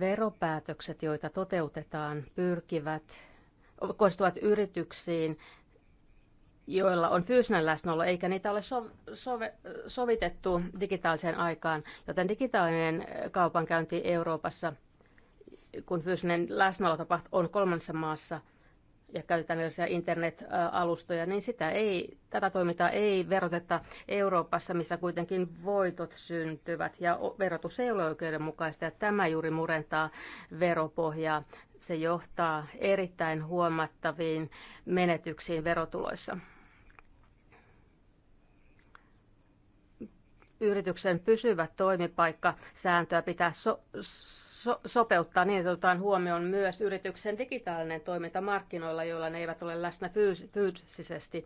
Veropäätökset, joita toteutetaan, pyrkivät kohdistuvat yrityksiin, joilla on fyysinen läsnäolo, eikä niitä ole sov- sove- sovitettu digitaaliseen aikaan, joten digitaalinen kaupankäynti Euroopassa, kun fyysinen läsnäolo tapahtuu, on kolmannessa maassa – ja käytetään erilaisia internet-alustoja, niin sitä ei, tätä toimintaa ei veroteta Euroopassa, missä kuitenkin voitot syntyvät ja verotus ei ole oikeudenmukaista ja tämä juuri murentaa veropohjaa. Se johtaa erittäin huomattaviin menetyksiin verotuloissa. Yrityksen pysyvä toimipaikka sääntöä pitää so- so- sopeuttaa niin, että otetaan huomioon myös yrityksen digitaalinen toiminta markkinoilla, joilla ne eivät ole läsnä fyys- fyysisesti.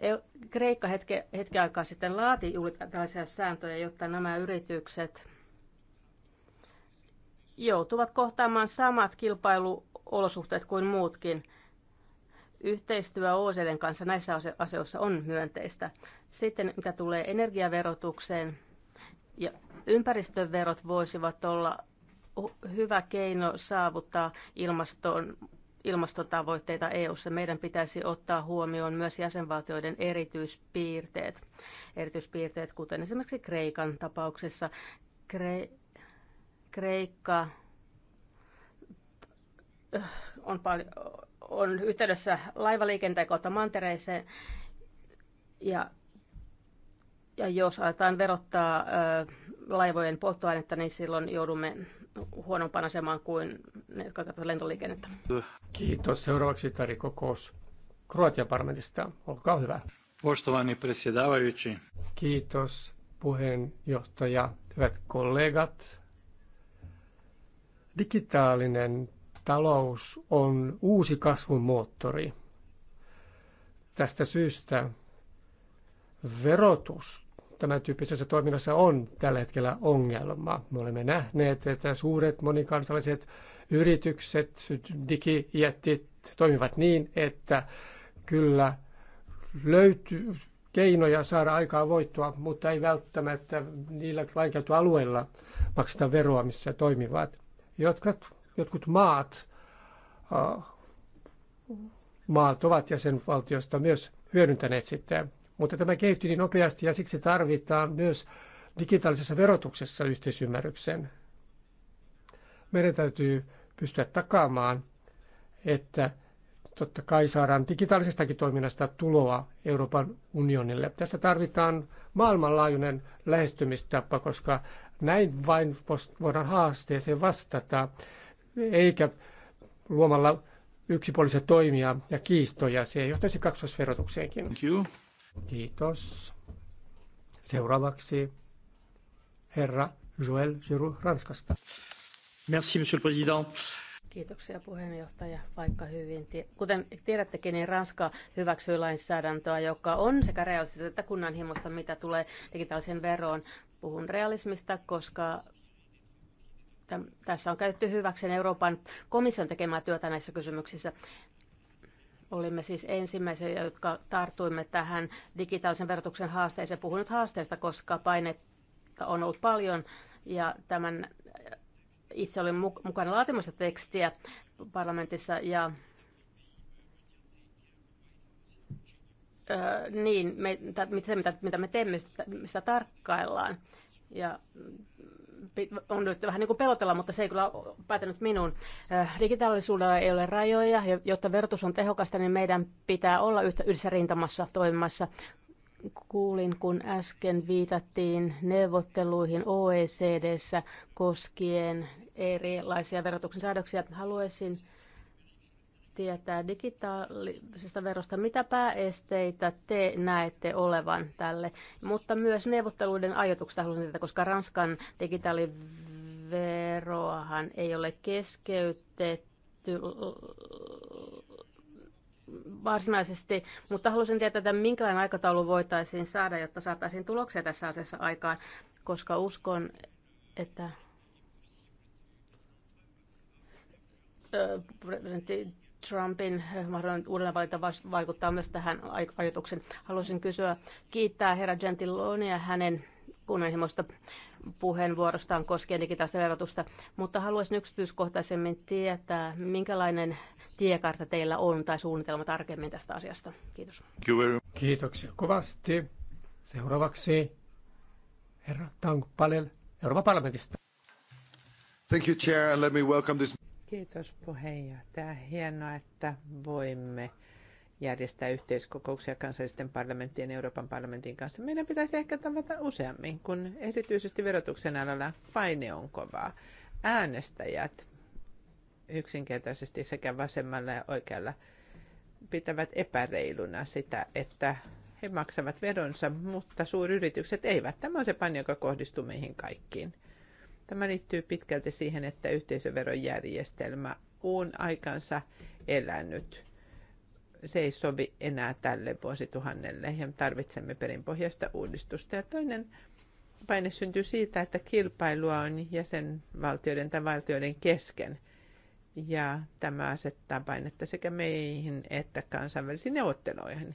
E, Kreikka hetke, hetken aikaa sitten laati juuri tällaisia sääntöjä, jotta nämä yritykset joutuvat kohtaamaan samat kilpailuolosuhteet kuin muutkin. Yhteistyö OECDn kanssa näissä asioissa on myönteistä. Sitten mitä tulee energiaverotukseen, ja ympäristöverot voisivat olla hyvä keino saavuttaa ilmaston ilmastotavoitteita EU-ssa. meidän pitäisi ottaa huomioon myös jäsenvaltioiden erityispiirteet. Erityispiirteet, kuten esimerkiksi Kreikan tapauksessa. Kre- Kreikka äh, on, pal- on yhteydessä laivaliikenteen kautta mantereeseen ja ja jos aletaan verottaa ö, äh, laivojen polttoainetta, niin silloin joudumme huonompaan asemaan kuin ne, jotka katsovat lentoliikennettä. Kiitos. Seuraavaksi Tari Kokous Kroatian parlamentista. Olkaa hyvä. Poštovani predsjedavajući. Kiitos puheenjohtaja, hyvät kollegat. Digitaalinen talous on uusi kasvun moottori. Tästä syystä verotus tämän tyyppisessä toiminnassa on tällä hetkellä ongelma. Me olemme nähneet, että suuret monikansalliset yritykset, digijättit toimivat niin, että kyllä löytyy keinoja saada aikaa voittoa, mutta ei välttämättä niillä alueilla makseta veroa, missä toimivat. Jotkut, jotkut maat, maat ovat jäsenvaltiosta myös hyödyntäneet sitten mutta tämä kehittyy niin nopeasti ja siksi tarvitaan myös digitaalisessa verotuksessa yhteisymmärryksen. Meidän täytyy pystyä takaamaan, että totta kai saadaan digitaalisestakin toiminnasta tuloa Euroopan unionille. Tässä tarvitaan maailmanlaajuinen lähestymistapa, koska näin vain voidaan haasteeseen vastata, eikä luomalla yksipuolisia toimia ja kiistoja. Se johtaisi kaksosverotukseenkin. Thank you. Kiitos. Seuraavaksi herra Joel Jiru Ranskasta. Merci, monsieur le président. Kiitoksia puheenjohtaja. Vaikka hyvin, kuten tiedättekin, niin Ranska hyväksyy lainsäädäntöä, joka on sekä realistista että kunnanhimosta, mitä tulee digitaalisen veroon. Puhun realismista, koska tässä on käytetty hyväksi Euroopan komission tekemää työtä näissä kysymyksissä. Olimme siis ensimmäisiä, jotka tartuimme tähän digitaalisen verotuksen haasteeseen. Puhun nyt haasteesta, koska painetta on ollut paljon ja tämän itse olin mukana laatimassa tekstiä parlamentissa ja Öö, niin, me, se mitä, mitä me teemme, sitä, sitä tarkkaillaan. Ja on nyt vähän niin kuin pelotella, mutta se ei kyllä päätänyt minuun. Äh, digitaalisuudella ei ole rajoja, ja jotta verotus on tehokasta, niin meidän pitää olla yhtä, yhdessä rintamassa toimimassa. Kuulin, kun äsken viitattiin neuvotteluihin OECDssä koskien erilaisia verotuksen säädöksiä. Haluaisin tietää digitaalisesta verosta, mitä pääesteitä te näette olevan tälle, mutta myös neuvotteluiden ajatuksesta haluaisin tietää, koska Ranskan digitaaliveroahan ei ole keskeytetty varsinaisesti, mutta haluaisin tietää, että minkälainen aikataulu voitaisiin saada, jotta saataisiin tuloksia tässä asiassa aikaan, koska uskon, että presidentti Trumpin eh, mahdollinen uudelleenvalinta vaikuttaa myös tähän ajatuksen. Haluaisin kysyä, kiittää herra Gentilonia hänen kunnianhimoista puheenvuorostaan koskien digitaalista verotusta, mutta haluaisin yksityiskohtaisemmin tietää, minkälainen tiekartta teillä on tai suunnitelma tarkemmin tästä asiasta. Kiitos. Kiitoksia kovasti. Seuraavaksi herra Tangpalel Palel Euroopan parlamentista. Thank you, Chair, and let me welcome this... Kiitos puheenjohtaja. Hienoa, että voimme järjestää yhteiskokouksia kansallisten parlamenttien ja Euroopan parlamentin kanssa. Meidän pitäisi ehkä tavata useammin, kun erityisesti verotuksen alalla paine on kovaa. Äänestäjät yksinkertaisesti sekä vasemmalla ja oikealla pitävät epäreiluna sitä, että he maksavat veronsa, mutta suuryritykset eivät. Tämä on se paine, joka kohdistuu meihin kaikkiin. Tämä liittyy pitkälti siihen, että yhteisöverojärjestelmä on aikansa elänyt. Se ei sovi enää tälle vuosituhannelle ja tarvitsemme perinpohjaista uudistusta. Ja toinen paine syntyy siitä, että kilpailua on jäsenvaltioiden tai valtioiden kesken. Ja tämä asettaa painetta sekä meihin että kansainvälisiin neuvotteluihin.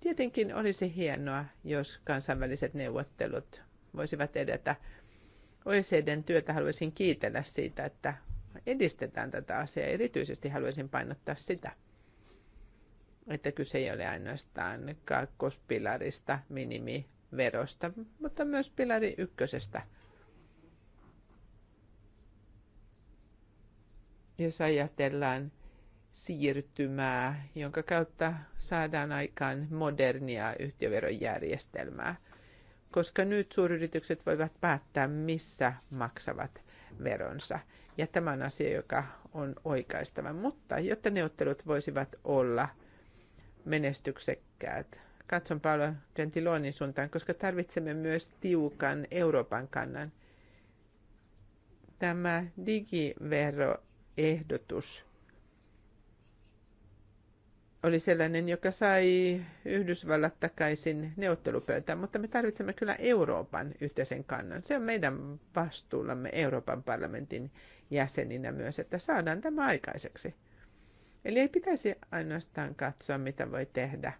Tietenkin olisi hienoa, jos kansainväliset neuvottelut voisivat edetä OECDn työtä haluaisin kiitellä siitä, että edistetään tätä asiaa. Erityisesti haluaisin painottaa sitä, että kyse ei ole ainoastaan kakkospilarista, minimiverosta, mutta myös pilari ykkösestä. Jos ajatellaan siirtymää, jonka kautta saadaan aikaan modernia yhtiöverojärjestelmää – koska nyt suuryritykset voivat päättää, missä maksavat veronsa. Ja tämä on asia, joka on oikaistava. Mutta jotta neuvottelut voisivat olla menestyksekkäät, katson Paolo Gentilonin suuntaan, koska tarvitsemme myös tiukan Euroopan kannan. Tämä digiveroehdotus oli sellainen, joka sai Yhdysvallat takaisin neuvottelupöytään, mutta me tarvitsemme kyllä Euroopan yhteisen kannan. Se on meidän vastuullamme Euroopan parlamentin jäseninä myös, että saadaan tämä aikaiseksi. Eli ei pitäisi ainoastaan katsoa, mitä voi tehdä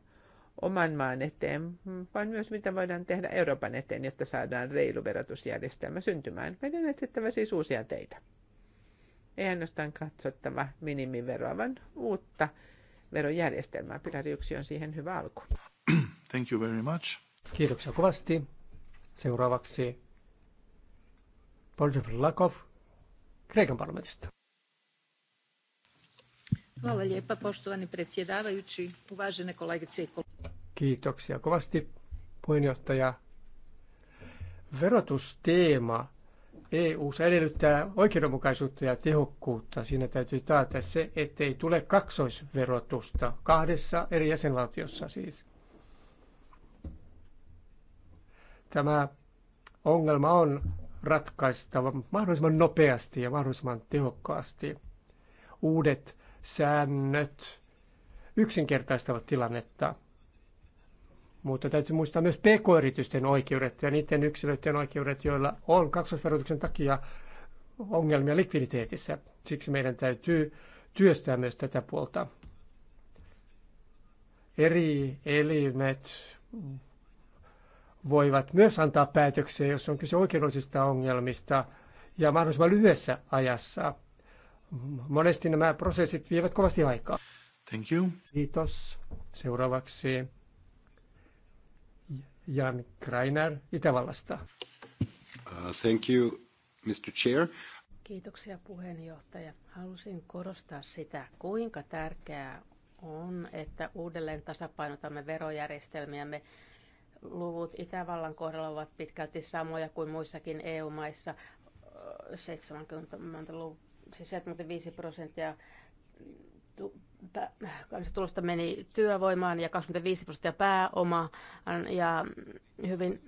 oman maan eteen, vaan myös mitä voidaan tehdä Euroopan eteen, jotta saadaan reilu verotusjärjestelmä syntymään. Meidän on etsittävä siis uusia teitä. Ei ainoastaan katsottava minimiveroa, vaan uutta verojärjestelmää. Pilari yksi on siihen hyvä alku. Thank you very much. Kiitoksia kovasti. Seuraavaksi Poljev Lakov Kreikan parlamentista. Hvala lijepa, poštovani predsjedavajući, uvažene kolegice i kolege. Kiitoksia kovasti, puheenjohtaja. Verotusteema eu edellyttää oikeudenmukaisuutta ja tehokkuutta. Siinä täytyy taata se, ettei tule kaksoisverotusta kahdessa eri jäsenvaltiossa siis. Tämä ongelma on ratkaistava mahdollisimman nopeasti ja mahdollisimman tehokkaasti. Uudet säännöt yksinkertaistavat tilannetta – mutta täytyy muistaa myös pk-yritysten oikeudet ja niiden yksilöiden oikeudet, joilla on kaksosverotuksen takia ongelmia likviditeetissä. Siksi meidän täytyy työstää myös tätä puolta. Eri elimet voivat myös antaa päätöksiä, jos on kyse oikeudellisista ongelmista ja mahdollisimman lyhyessä ajassa. Monesti nämä prosessit vievät kovasti aikaa. Thank you. Kiitos. Seuraavaksi Jan Kreiner Itävallasta. Uh, thank you, Mr. Chair. Kiitoksia puheenjohtaja. Halusin korostaa sitä, kuinka tärkeää on, että uudelleen tasapainotamme verojärjestelmiämme. Luvut Itävallan kohdalla ovat pitkälti samoja kuin muissakin EU-maissa. 70, siis 75 prosenttia kansantulosta meni työvoimaan ja 25 prosenttia pääoma ja hyvin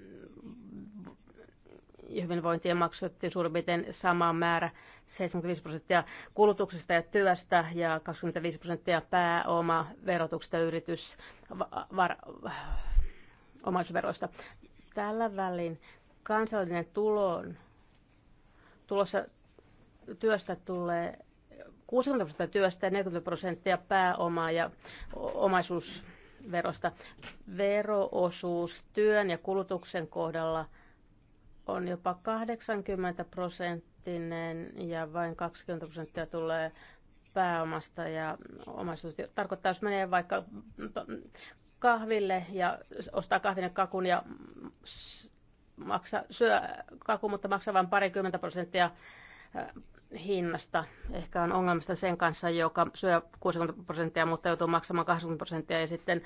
hyvinvointien maksettiin suurin piirtein sama määrä, 75 prosenttia kulutuksesta ja työstä ja 25 prosenttia pääoma, verotuksesta, yritys, var, omaisuusveroista. Tällä välin kansallinen tulon tulossa työstä tulee 60 prosenttia työstä ja 40 prosenttia pääomaa ja omaisuusverosta. Veroosuus työn ja kulutuksen kohdalla on jopa 80 prosenttinen ja vain 20 prosenttia tulee pääomasta ja omaisuudesta. Tarkoittaa, jos menee vaikka kahville ja ostaa kahvin ja kakun ja maksaa, syö kakun, mutta maksaa vain parikymmentä prosenttia hinnasta. Ehkä on ongelmista sen kanssa, joka syö 60 prosenttia, mutta joutuu maksamaan 80 prosenttia ja sitten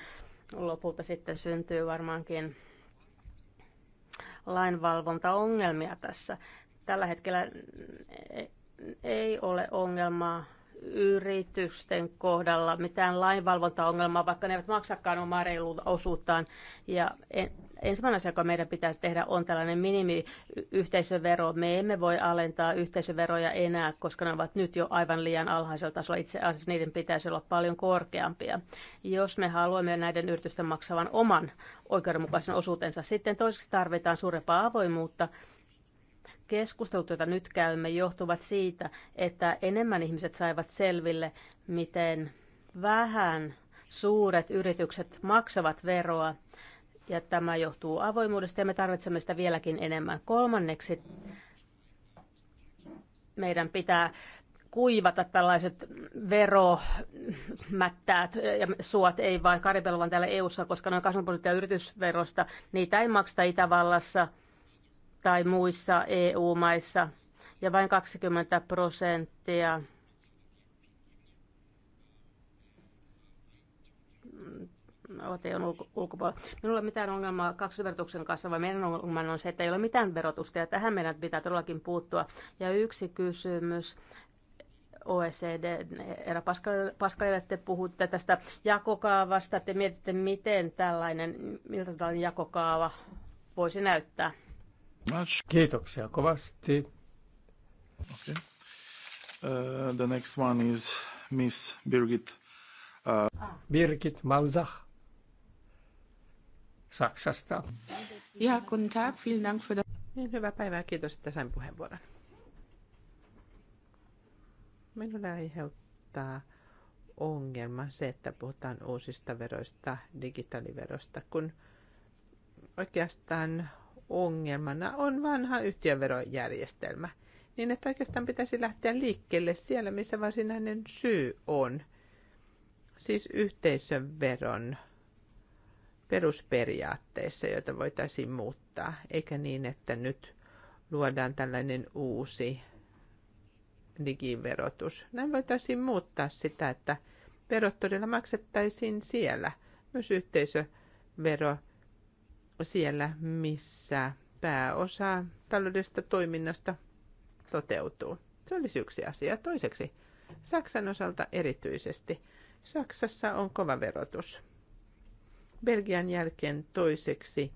lopulta sitten syntyy varmaankin lainvalvontaongelmia tässä. Tällä hetkellä ei ole ongelmaa yritysten kohdalla mitään lainvalvontaongelmaa, vaikka ne eivät maksakaan omaa osuuttaan. Ja Ensimmäinen asia, joka meidän pitäisi tehdä, on tällainen minimiyhteisövero. Me emme voi alentaa yhteisöveroja enää, koska ne ovat nyt jo aivan liian alhaisella tasolla. Itse asiassa niiden pitäisi olla paljon korkeampia, jos me haluamme näiden yritysten maksavan oman oikeudenmukaisen osuutensa. Sitten toiseksi tarvitaan suurempaa avoimuutta keskustelut, joita nyt käymme, johtuvat siitä, että enemmän ihmiset saivat selville, miten vähän suuret yritykset maksavat veroa ja tämä johtuu avoimuudesta ja me tarvitsemme sitä vieläkin enemmän. Kolmanneksi meidän pitää kuivata tällaiset veromättäät ja suot, ei vain Karibella, vaan täällä eu koska noin 20 prosenttia yritysverosta, niitä ei maksta Itävallassa tai muissa EU-maissa. Ja vain 20 prosenttia ovat EUn ulkopuolella. Minulla ei ole mitään ongelmaa kaksivertuksen kanssa, vaan meidän ongelman on se, että ei ole mitään verotusta, ja tähän meidän pitää todellakin puuttua. Ja yksi kysymys, OECD, Era Paskalille, te puhutte tästä jakokaavasta, te mietitte, miten tällainen, miltä tällainen jakokaava voisi näyttää. Kiitoksia kovasti. Okay. Uh, the next one is Miss Birgit. Uh... Birgit Malzach. Saksasta. Ja, guten Tag, vielen Dank für niin, hyvää päivää, kiitos, että sain puheenvuoron. Minulle aiheuttaa ongelma se, että puhutaan uusista veroista, digitaaliverosta, kun oikeastaan ongelmana on vanha yhtiöverojärjestelmä. Niin, että oikeastaan pitäisi lähteä liikkeelle siellä, missä varsinainen syy on. Siis yhteisöveron veron perusperiaatteissa, joita voitaisiin muuttaa, eikä niin, että nyt luodaan tällainen uusi digiverotus. Näin voitaisiin muuttaa sitä, että verot todella maksettaisiin siellä, myös yhteisövero siellä, missä pääosa taloudellisesta toiminnasta toteutuu. Se olisi yksi asia. Toiseksi, Saksan osalta erityisesti. Saksassa on kova verotus. Belgian jälkeen toiseksi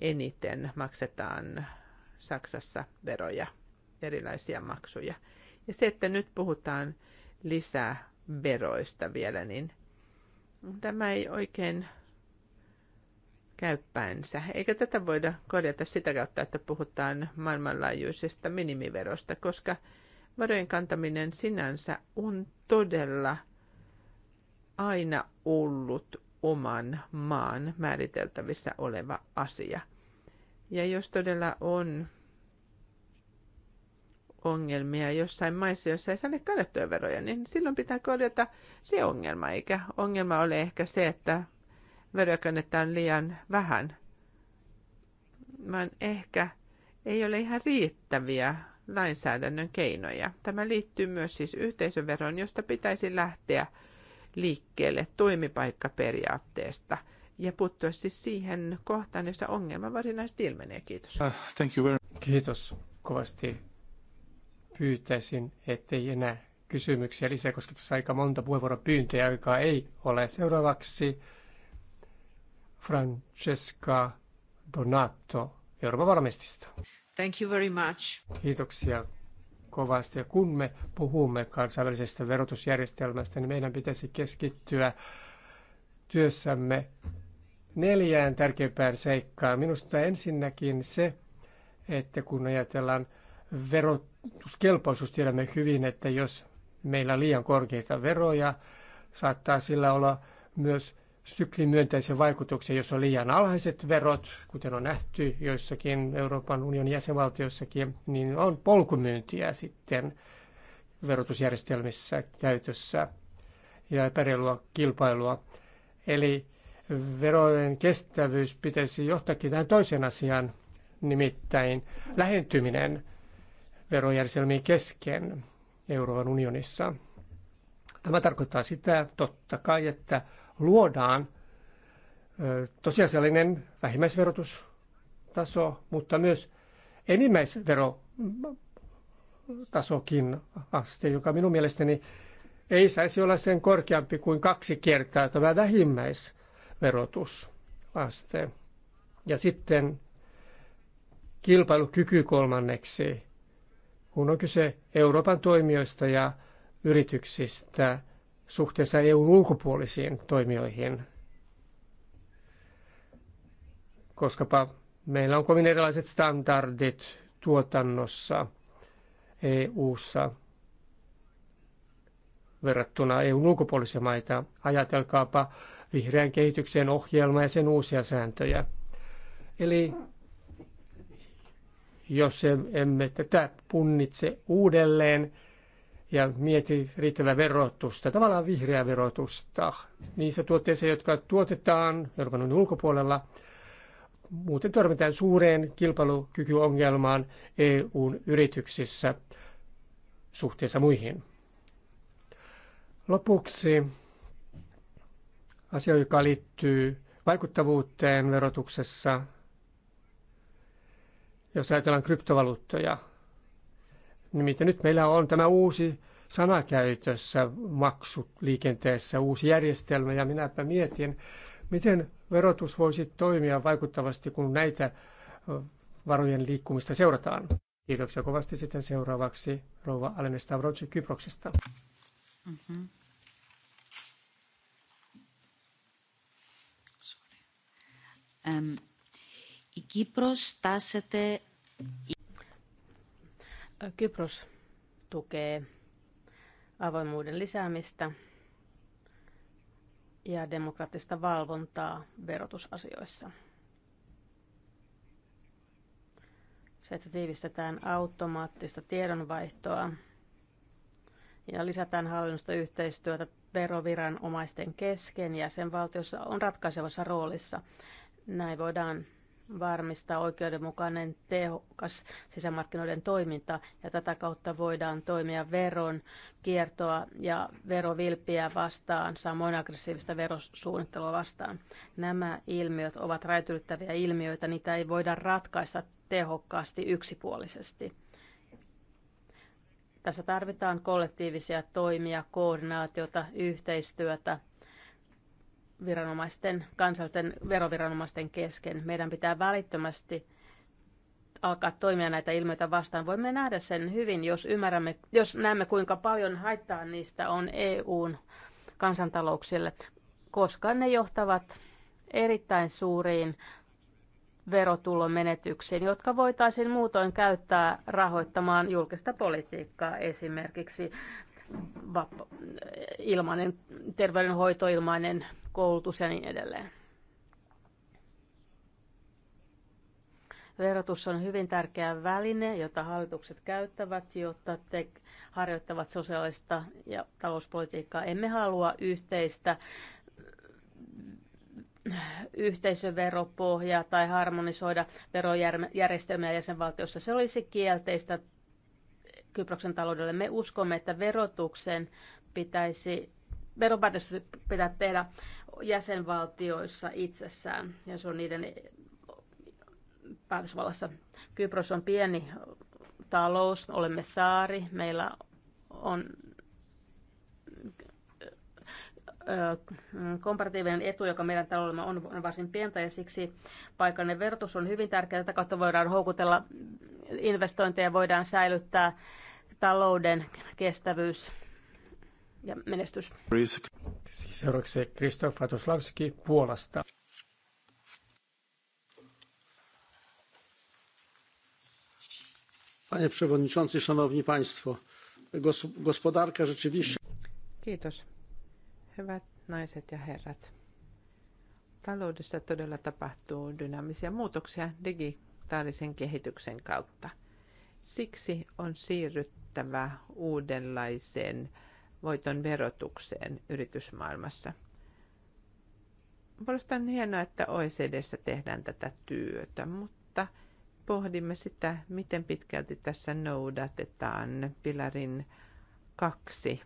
eniten maksetaan Saksassa veroja, erilaisia maksuja. Ja se, että nyt puhutaan lisää veroista vielä, niin tämä ei oikein käy päänsä. Eikä tätä voida korjata sitä kautta, että puhutaan maailmanlaajuisesta minimiverosta, koska varojen kantaminen sinänsä on todella aina ollut oman maan määriteltävissä oleva asia. Ja jos todella on ongelmia jossain maissa, jossa ei saa ne veroja, niin silloin pitää korjata se ongelma, eikä ongelma ole ehkä se, että veroja kannetaan liian vähän, vaan ehkä ei ole ihan riittäviä lainsäädännön keinoja. Tämä liittyy myös siis yhteisöveroon, josta pitäisi lähteä – liikkeelle toimipaikkaperiaatteesta ja puuttua siis siihen kohtaan, jossa ongelma varsinaisesti ilmenee. Kiitos. Uh, thank you very... Kiitos kovasti. Pyytäisin, ettei enää kysymyksiä lisää, koska tässä aika monta puheenvuoropyyntöjä, joka ei ole. Seuraavaksi Francesca Donato Euroopan varmistista. Thank you very much. Kiitoksia kovasti. Ja kun me puhumme kansainvälisestä verotusjärjestelmästä, niin meidän pitäisi keskittyä työssämme neljään tärkeimpään seikkaan. Minusta ensinnäkin se, että kun ajatellaan verotuskelpoisuus, tiedämme hyvin, että jos meillä on liian korkeita veroja, saattaa sillä olla myös syklin myönteisen vaikutuksen, jos on liian alhaiset verot, kuten on nähty joissakin Euroopan unionin jäsenvaltioissakin, niin on polkumyyntiä sitten verotusjärjestelmissä käytössä ja epäreilua kilpailua. Eli verojen kestävyys pitäisi johtakin tähän toiseen asiaan, nimittäin lähentyminen verojärjestelmiin kesken Euroopan unionissa. Tämä tarkoittaa sitä totta kai, että luodaan tosiasiallinen vähimmäisverotustaso, mutta myös enimmäisverotasokin aste, joka minun mielestäni ei saisi olla sen korkeampi kuin kaksi kertaa tämä vähimmäisverotusaste. Ja sitten kilpailukyky kolmanneksi, kun on kyse Euroopan toimijoista ja yrityksistä – suhteessa EUn ulkopuolisiin toimijoihin, koskapa meillä on kovin erilaiset standardit tuotannossa EUssa verrattuna EUn ulkopuolisia maita. Ajatelkaapa vihreän kehityksen ohjelma ja sen uusia sääntöjä. Eli jos emme tätä punnitse uudelleen, ja mieti riittävää verotusta, tavallaan vihreää verotusta niissä tuotteissa, jotka tuotetaan Euroopan unionin ulkopuolella. Muuten törmätään suureen kilpailukykyongelmaan EUn yrityksissä suhteessa muihin. Lopuksi asia, joka liittyy vaikuttavuuteen verotuksessa, jos ajatellaan kryptovaluuttoja – Nimittäin nyt meillä on tämä uusi sana käytössä, uusi järjestelmä, ja minäpä mietin, miten verotus voisi toimia vaikuttavasti, kun näitä varojen liikkumista seurataan. Kiitoksia kovasti sitten seuraavaksi rouva Alene Stavrotsi Kyproksesta. Mm-hmm. η Κύπρος Kypros tukee avoimuuden lisäämistä ja demokraattista valvontaa verotusasioissa. Se, että tiivistetään automaattista tiedonvaihtoa ja lisätään hallinnosta yhteistyötä veroviranomaisten kesken jäsenvaltiossa on ratkaisevassa roolissa. Näin voidaan varmistaa oikeudenmukainen, tehokas sisämarkkinoiden toiminta ja tätä kautta voidaan toimia veron kiertoa ja verovilppiä vastaan, samoin aggressiivista verosuunnittelua vastaan. Nämä ilmiöt ovat räätylyttäviä ilmiöitä, niitä ei voida ratkaista tehokkaasti yksipuolisesti. Tässä tarvitaan kollektiivisia toimia, koordinaatiota, yhteistyötä viranomaisten, kansallisten veroviranomaisten kesken. Meidän pitää välittömästi alkaa toimia näitä ilmiöitä vastaan. Voimme nähdä sen hyvin, jos ymmärrämme, jos näemme kuinka paljon haittaa niistä on EUn kansantalouksille, koska ne johtavat erittäin suuriin menetyksiin, jotka voitaisiin muutoin käyttää rahoittamaan julkista politiikkaa, esimerkiksi ilmainen terveydenhoito, ilmainen koulutus ja niin edelleen. Verotus on hyvin tärkeä väline, jota hallitukset käyttävät, jotta te harjoittavat sosiaalista ja talouspolitiikkaa. Emme halua yhteistä yhteisöveropohjaa tai harmonisoida verojärjestelmiä jäsenvaltiossa. Se olisi kielteistä Kyproksen taloudelle. Me uskomme, että verotuksen pitäisi, veropäätöstä pitää tehdä jäsenvaltioissa itsessään, ja se on niiden päätösvallassa. Kypros on pieni talous, olemme saari, meillä on komparatiivinen etu, joka meidän taloudella on, varsin pientä ja siksi paikallinen verotus on hyvin tärkeää. Tätä kautta voidaan houkutella investointeja, voidaan säilyttää talouden kestävyys ja menestys. Risk. Siis seuraavaksi Kristof Vatoslavski Puolasta. Panie Przewodniczący, Szanowni Państwo, gospodarka rzeczywiście... Kiitos. Hyvät naiset ja herrat. Taloudessa todella tapahtuu dynaamisia muutoksia digitaalisen kehityksen kautta. Siksi on siirryttävä uudenlaiseen voiton verotukseen yritysmaailmassa. Puolestaan on hienoa, että OECDssä tehdään tätä työtä, mutta pohdimme sitä, miten pitkälti tässä noudatetaan pilarin kaksi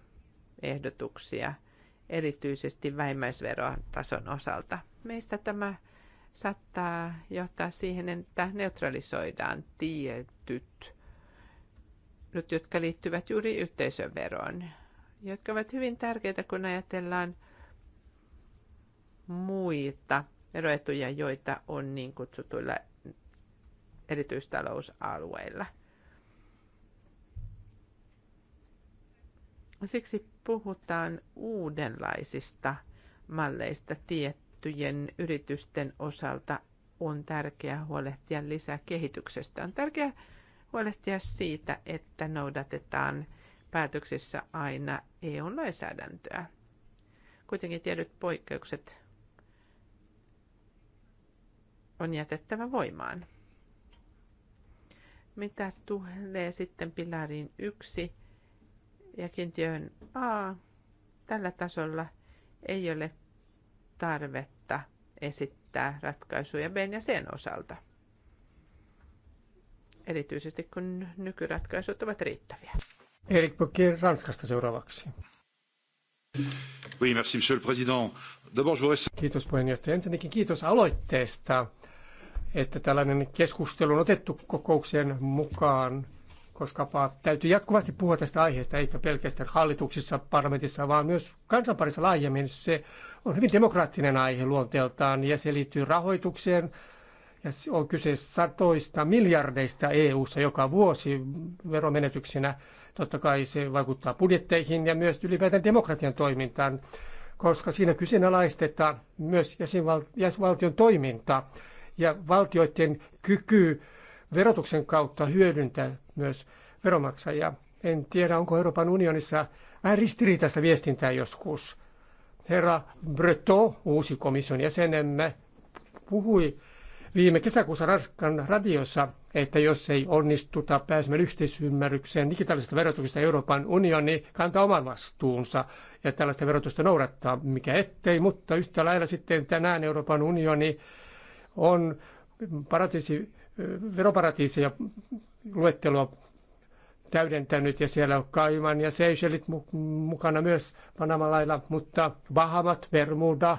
ehdotuksia, erityisesti vähimmäisverotason osalta. Meistä tämä saattaa johtaa siihen, että neutralisoidaan tietyt jotka liittyvät juuri yhteisöveroon jotka ovat hyvin tärkeitä, kun ajatellaan muita veroetuja, joita on niin kutsutuilla erityistalousalueilla. Siksi puhutaan uudenlaisista malleista tiettyjen yritysten osalta on tärkeää huolehtia lisää kehityksestä. On tärkeää huolehtia siitä, että noudatetaan – päätöksissä aina EU-lainsäädäntöä. Kuitenkin tiedyt poikkeukset on jätettävä voimaan. Mitä tulee sitten pilariin 1 ja kiintiöön A, tällä tasolla ei ole tarvetta esittää ratkaisuja B ja C osalta. Erityisesti kun nykyratkaisut ovat riittäviä. Ranskasta seuraavaksi. Oui, merci, monsieur le président. voudrais... Kiitos puheenjohtaja. Ensinnäkin kiitos aloitteesta, että tällainen keskustelu on otettu kokoukseen mukaan, koska täytyy jatkuvasti puhua tästä aiheesta, eikä pelkästään hallituksissa, parlamentissa, vaan myös kansanparissa laajemmin. Se on hyvin demokraattinen aihe luonteeltaan ja se liittyy rahoitukseen, ja on kyse satoista miljardeista EU-ssa joka vuosi veromenetyksinä. Totta kai se vaikuttaa budjetteihin ja myös ylipäätään demokratian toimintaan, koska siinä kyseenalaistetaan myös jäsenvaltion toiminta ja valtioiden kyky verotuksen kautta hyödyntää myös veromaksajia. En tiedä, onko Euroopan unionissa vähän ristiriitaista viestintää joskus. Herra Breton, uusi komission jäsenemme, puhui viime kesäkuussa Ranskan radiossa, että jos ei onnistuta pääsemään yhteisymmärrykseen digitaalisesta verotuksesta Euroopan unioni kantaa oman vastuunsa ja tällaista verotusta noudattaa, mikä ettei, mutta yhtä lailla sitten tänään Euroopan unioni on paratiisi, ja luettelua täydentänyt ja siellä on Kaiman ja Seychellit mukana myös Panamalailla, mutta Bahamat, Bermuda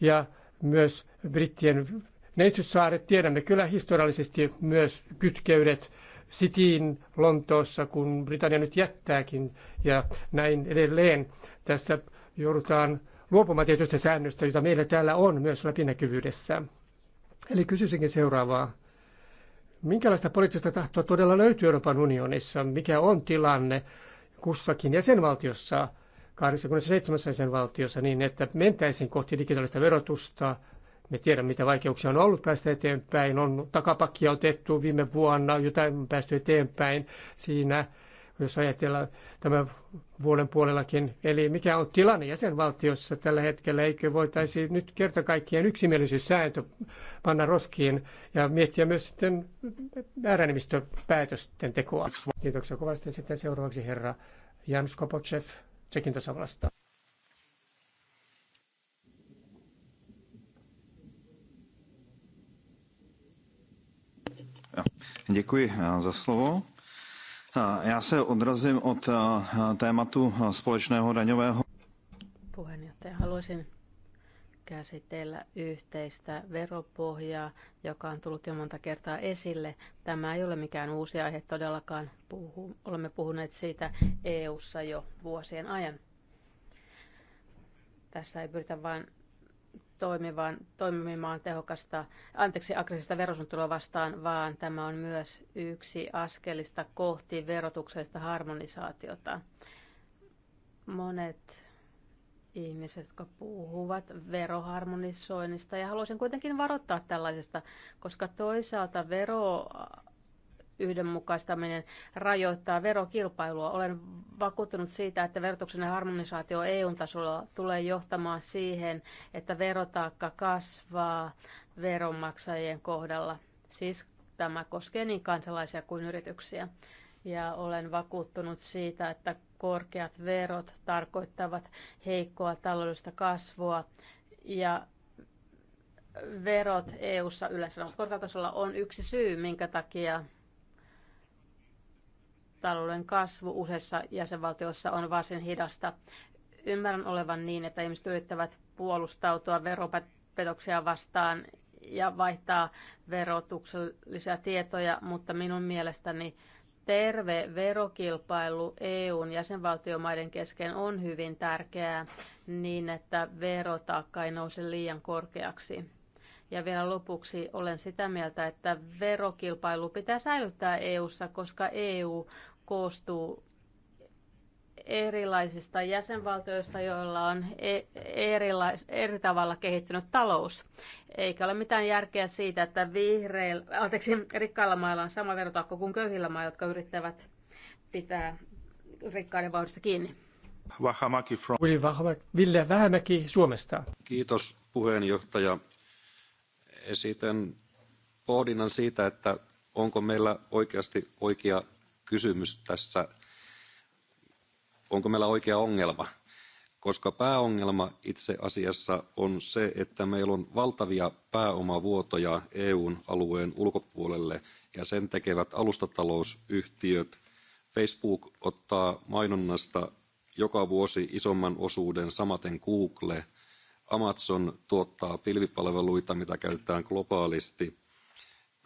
ja myös brittien Neitsytsaaret tiedämme kyllä historiallisesti myös kytkeydet Sitiin Lontoossa, kun Britannia nyt jättääkin ja näin edelleen. Tässä joudutaan luopumaan tietystä säännöstä, jota meillä täällä on myös läpinäkyvyydessä. Eli kysyisinkin seuraavaa. Minkälaista poliittista tahtoa todella löytyy Euroopan unionissa? Mikä on tilanne kussakin jäsenvaltiossa, 27 jäsenvaltiossa, niin että mentäisiin kohti digitaalista verotusta, me tiedämme, mitä vaikeuksia on ollut päästä eteenpäin. On takapakkia otettu viime vuonna, jotain on päästy eteenpäin siinä, jos ajatellaan tämän vuoden puolellakin. Eli mikä on tilanne jäsenvaltiossa tällä hetkellä? Eikö voitaisi nyt kerta kaikkien yksimielisyyssääntö panna roskiin ja miettiä myös sitten määräenemmistöpäätösten tekoa? Kiitoksia kovasti. Sitten seuraavaksi herra Janusz Kopoczew Tsekin tasavallasta. Děkuji eh, za slovo. Eh, já se odrazím od eh, tématu společného daňového. Puheenjohtaja, haluaisin käsitellä yhteistä veropohjaa, joka on tullut jo monta kertaa esille. Tämä ei ole mikään uusi aihe todellakaan. Puhu, olemme puhuneet siitä EU:ssa jo vuosien ajan. Tässä ei pyritä vain toimivaan, toimimaan tehokasta, anteeksi, aggressiivista verosuunnittelua vastaan, vaan tämä on myös yksi askelista kohti verotuksellista harmonisaatiota. Monet ihmiset, jotka puhuvat veroharmonisoinnista. Ja haluaisin kuitenkin varoittaa tällaisesta, koska toisaalta vero yhdenmukaistaminen rajoittaa verokilpailua. Olen vakuuttunut siitä, että verotuksen harmonisaatio EU-tasolla tulee johtamaan siihen, että verotaakka kasvaa veronmaksajien kohdalla. Siis tämä koskee niin kansalaisia kuin yrityksiä. Ja olen vakuuttunut siitä, että korkeat verot tarkoittavat heikkoa taloudellista kasvua ja verot EU-ssa yleensä korkeatasolla on yksi syy, minkä takia talouden kasvu useissa jäsenvaltioissa on varsin hidasta. Ymmärrän olevan niin, että ihmiset yrittävät puolustautua veropetoksia vastaan ja vaihtaa verotuksellisia tietoja, mutta minun mielestäni terve verokilpailu EUn jäsenvaltiomaiden kesken on hyvin tärkeää niin, että verotaakka ei nouse liian korkeaksi. Ja vielä lopuksi olen sitä mieltä, että verokilpailu pitää säilyttää EU:ssa, koska EU koostuu erilaisista jäsenvaltioista, joilla on e-, erilais, eri tavalla kehittynyt talous. Eikä ole mitään järkeä siitä, että vihreillä, anteeksi, rikkailla mailla on sama verotaakko kuin köyhillä mailla, jotka yrittävät pitää rikkaiden vauhdista kiinni. Vahamaki from... Ville Vähämäki Suomesta. Kiitos puheenjohtaja. Esitän pohdinnan siitä, että onko meillä oikeasti oikea kysymys tässä, onko meillä oikea ongelma, koska pääongelma itse asiassa on se, että meillä on valtavia pääomavuotoja EUn alueen ulkopuolelle ja sen tekevät alustatalousyhtiöt. Facebook ottaa mainonnasta joka vuosi isomman osuuden, samaten Google. Amazon tuottaa pilvipalveluita, mitä käytetään globaalisti.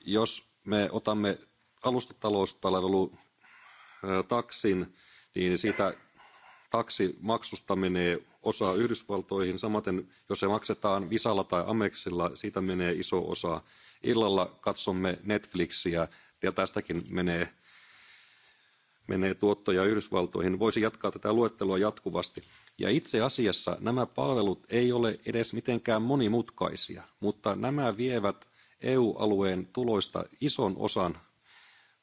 Jos me otamme alustatalouspalvelu taksin, niin siitä taksimaksusta menee osa Yhdysvaltoihin. Samaten, jos se maksetaan Visalla tai Amexilla, siitä menee iso osa. Illalla katsomme Netflixiä ja tästäkin menee, menee tuottoja Yhdysvaltoihin. Voisi jatkaa tätä luettelua jatkuvasti. Ja itse asiassa nämä palvelut ei ole edes mitenkään monimutkaisia, mutta nämä vievät EU-alueen tuloista ison osan,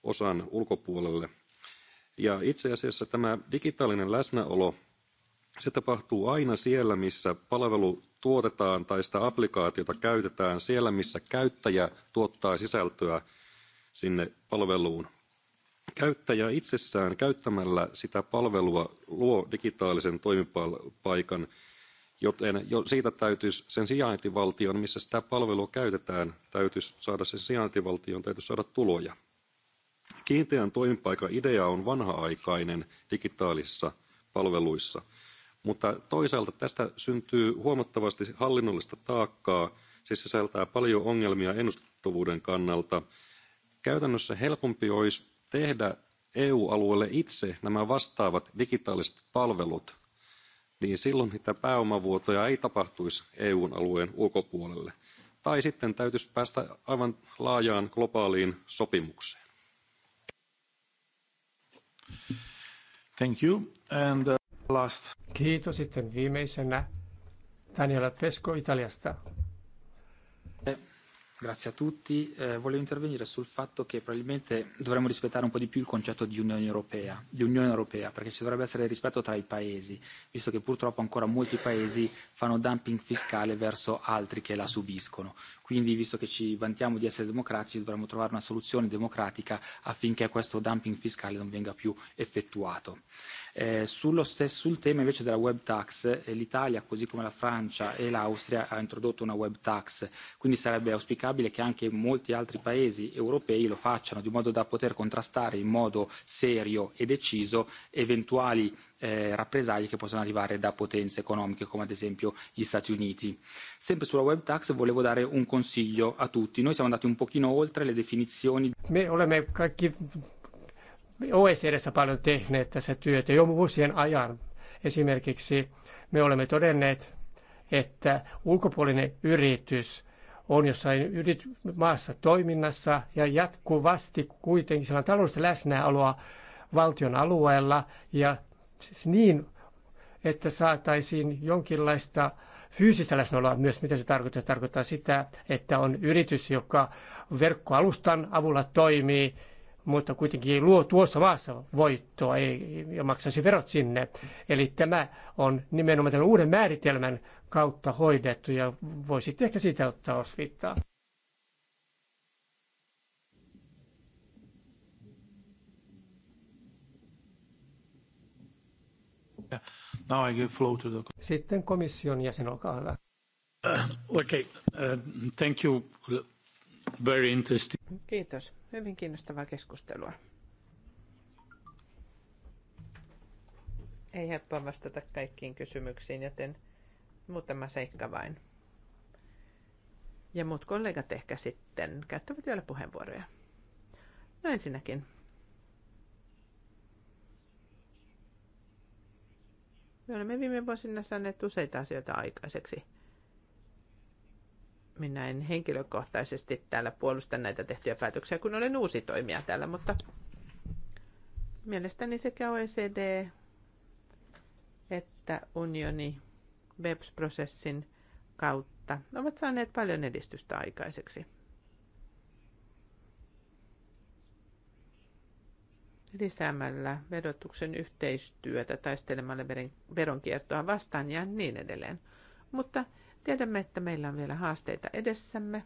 osan ulkopuolelle – ja itse asiassa tämä digitaalinen läsnäolo, se tapahtuu aina siellä, missä palvelu tuotetaan tai sitä applikaatiota käytetään, siellä missä käyttäjä tuottaa sisältöä sinne palveluun. Käyttäjä itsessään käyttämällä sitä palvelua luo digitaalisen toimipaikan, joten jo siitä täytyisi sen sijaintivaltion, missä sitä palvelua käytetään, täytyisi saada sen sijaintivaltion, täytyisi saada tuloja. Kiinteän toimipaikan idea on vanha-aikainen digitaalisissa palveluissa, mutta toisaalta tästä syntyy huomattavasti hallinnollista taakkaa, siis se sisältää paljon ongelmia ennustettavuuden kannalta. Käytännössä helpompi olisi tehdä EU-alueelle itse nämä vastaavat digitaaliset palvelut, niin silloin niitä pääomavuotoja ei tapahtuisi eu alueen ulkopuolelle. Tai sitten täytyisi päästä aivan laajaan globaaliin sopimukseen. Thank you. And uh, last. Kiitos sitten viimeisenä Daniela Pesko Italiasta. Grazie a tutti. Eh, volevo intervenire sul fatto che probabilmente dovremmo rispettare un po' di più il concetto di Unione Europea, di Unione Europea perché ci dovrebbe essere rispetto tra i paesi, visto che purtroppo ancora molti paesi fanno dumping fiscale verso altri che la subiscono. Quindi, visto che ci vantiamo di essere democratici, dovremmo trovare una soluzione democratica affinché questo dumping fiscale non venga più effettuato. Eh, sullo stesso, sul tema invece della web tax, eh, l'Italia, così come la Francia e l'Austria, ha introdotto una web tax, quindi sarebbe auspicabile che anche molti altri paesi europei lo facciano, di modo da poter contrastare in modo serio e deciso eventuali eh, rappresaglie che possono arrivare da potenze economiche come ad esempio gli Stati Uniti. Sempre sulla web tax volevo dare un consiglio a tutti. Noi siamo andati un pochino oltre le definizioni. Me olemme kaikki OECDssä paljon tehneet tässä työtä jo vuosien ajan. Esimerkiksi me olemme todenneet, että ulkopuolinen yritys on jossain maassa toiminnassa ja jatkuvasti kuitenkin sillä on taloudellista läsnäoloa valtion alueella ja siis niin, että saataisiin jonkinlaista fyysistä läsnäoloa myös, mitä se tarkoittaa. Se tarkoittaa sitä, että on yritys, joka verkkoalustan avulla toimii mutta kuitenkin ei luo tuossa maassa voittoa ei, ja maksaisi verot sinne. Eli tämä on nimenomaan tämän uuden määritelmän kautta hoidettu ja voisit ehkä siitä ottaa osvittaa. Now I give flow to the... Sitten komission jäsen, olkaa hyvä. Uh, okay, uh, thank you. Very interesting. Kiitos. Hyvin kiinnostavaa keskustelua. Ei helppoa vastata kaikkiin kysymyksiin, joten muutama seikka vain. Ja muut kollegat ehkä sitten käyttävät vielä puheenvuoroja. No ensinnäkin. Me olemme viime vuosina saaneet useita asioita aikaiseksi – minä en henkilökohtaisesti täällä puolusta näitä tehtyjä päätöksiä, kun olen uusi toimija täällä, mutta mielestäni sekä OECD että unioni BEPS-prosessin kautta ovat saaneet paljon edistystä aikaiseksi. lisäämällä vedotuksen yhteistyötä taistelemalla veronkiertoa vastaan ja niin edelleen. Mutta Tiedämme, että meillä on vielä haasteita edessämme.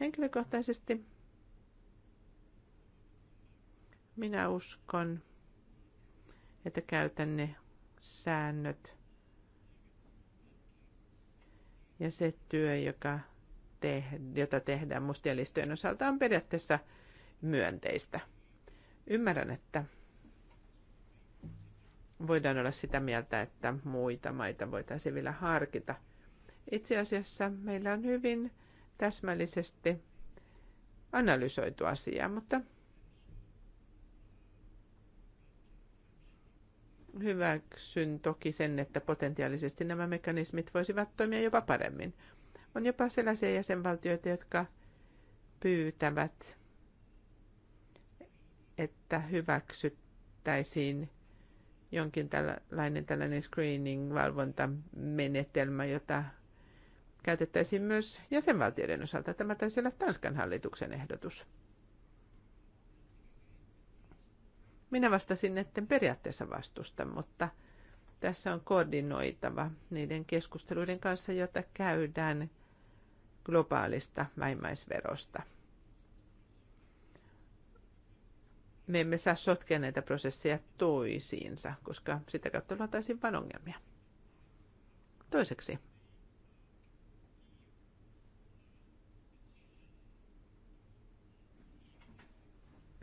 Henkilökohtaisesti minä uskon, että käytän ne säännöt ja se työ, joka te, jota tehdään mustien listojen osalta, on periaatteessa myönteistä. Ymmärrän, että voidaan olla sitä mieltä, että muita maita voitaisiin vielä harkita. Itse asiassa meillä on hyvin täsmällisesti analysoitu asiaa, mutta hyväksyn toki sen, että potentiaalisesti nämä mekanismit voisivat toimia jopa paremmin. On jopa sellaisia jäsenvaltioita, jotka pyytävät, että hyväksyttäisiin jonkin tällainen, tällainen screening-valvontamenetelmä, jota käytettäisiin myös jäsenvaltioiden osalta. Tämä taisi olla Tanskan hallituksen ehdotus. Minä vastasin, että periaatteessa vastusta, mutta tässä on koordinoitava niiden keskusteluiden kanssa, joita käydään globaalista vähimmäisverosta – me emme saa sotkea näitä prosesseja toisiinsa, koska sitä kautta luotaisiin vain ongelmia. Toiseksi.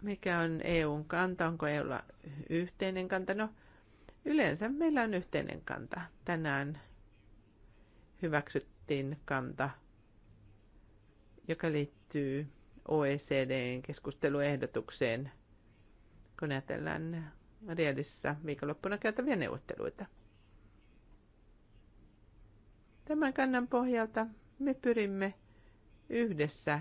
Mikä on EUn kanta? Onko EUlla yhteinen kanta? No, yleensä meillä on yhteinen kanta. Tänään hyväksyttiin kanta, joka liittyy OECDn keskusteluehdotukseen – kun ajatellaan Riedissä viikonloppuna käytäviä neuvotteluita. Tämän kannan pohjalta me pyrimme yhdessä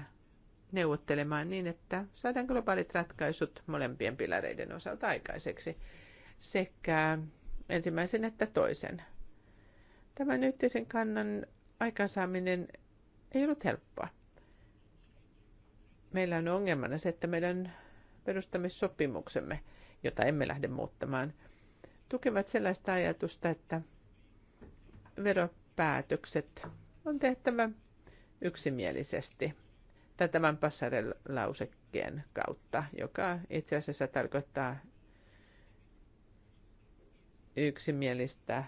neuvottelemaan niin, että saadaan globaalit ratkaisut molempien pilareiden osalta aikaiseksi sekä ensimmäisen että toisen. Tämän yhteisen kannan aikaansaaminen ei ollut helppoa. Meillä on ongelmana se, että meidän perustamissopimuksemme, jota emme lähde muuttamaan, tukevat sellaista ajatusta, että veropäätökset on tehtävä yksimielisesti tai tämän passarelausekkeen kautta, joka itse asiassa tarkoittaa yksimielistä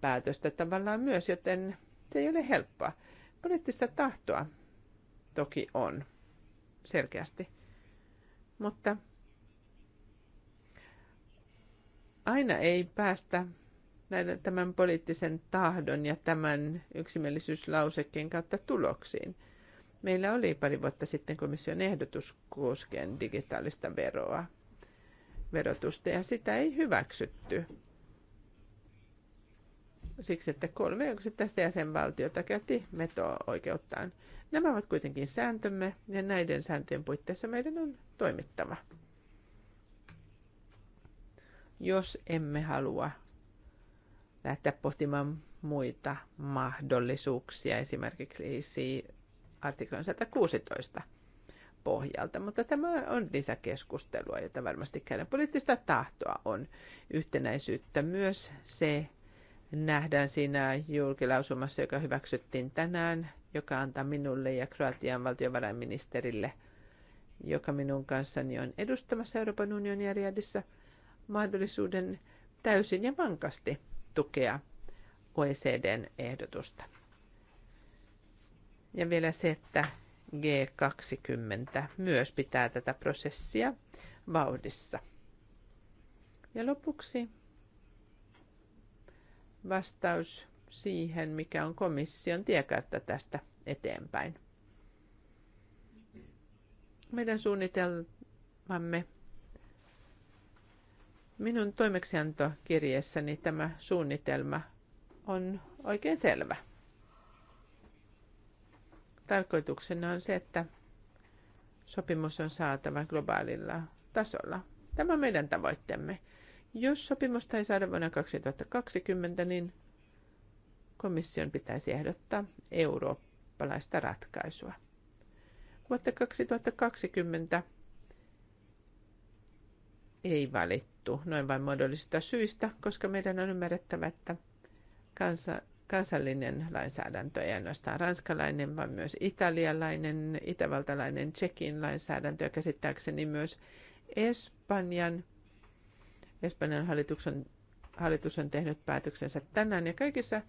päätöstä tavallaan myös, joten se ei ole helppoa. Poliittista tahtoa toki on, selkeästi. Mutta aina ei päästä näiden, tämän poliittisen tahdon ja tämän yksimielisyyslausekkeen kautta tuloksiin. Meillä oli pari vuotta sitten komission ehdotus koskien digitaalista veroa, verotusta, ja sitä ei hyväksytty. Siksi, että kolme yksittäistä jäsenvaltiota käytti meto-oikeuttaan. Nämä ovat kuitenkin sääntömme, ja näiden sääntöjen puitteissa meidän on toimittava. Jos emme halua lähteä pohtimaan muita mahdollisuuksia, esimerkiksi artiklan 116 pohjalta, mutta tämä on lisäkeskustelua, jota varmasti käydään. Poliittista tahtoa on yhtenäisyyttä myös se, nähdään siinä julkilausumassa, joka hyväksyttiin tänään, joka antaa minulle ja Kroatian valtiovarainministerille – joka minun kanssani on edustamassa Euroopan unionin järjestössä, mahdollisuuden täysin ja vankasti tukea OECDn ehdotusta. Ja vielä se, että G20 myös pitää tätä prosessia vauhdissa. Ja lopuksi vastaus siihen, mikä on komission tiekartta tästä eteenpäin. Meidän suunnitelmamme minun toimeksiantokirjeessäni tämä suunnitelma on oikein selvä. Tarkoituksena on se, että sopimus on saatava globaalilla tasolla. Tämä on meidän tavoitteemme. Jos sopimusta ei saada vuonna 2020, niin komission pitäisi ehdottaa eurooppalaista ratkaisua. Vuotta 2020 ei valittu noin vain muodollisista syistä, koska meidän on ymmärrettävä, että kansa, kansallinen lainsäädäntö, ei ainoastaan ranskalainen, vaan myös italialainen, itävaltalainen, tsekin lainsäädäntö ja käsittääkseni myös Espanjan. Espanjan on, hallitus on tehnyt päätöksensä tänään ja kaikissa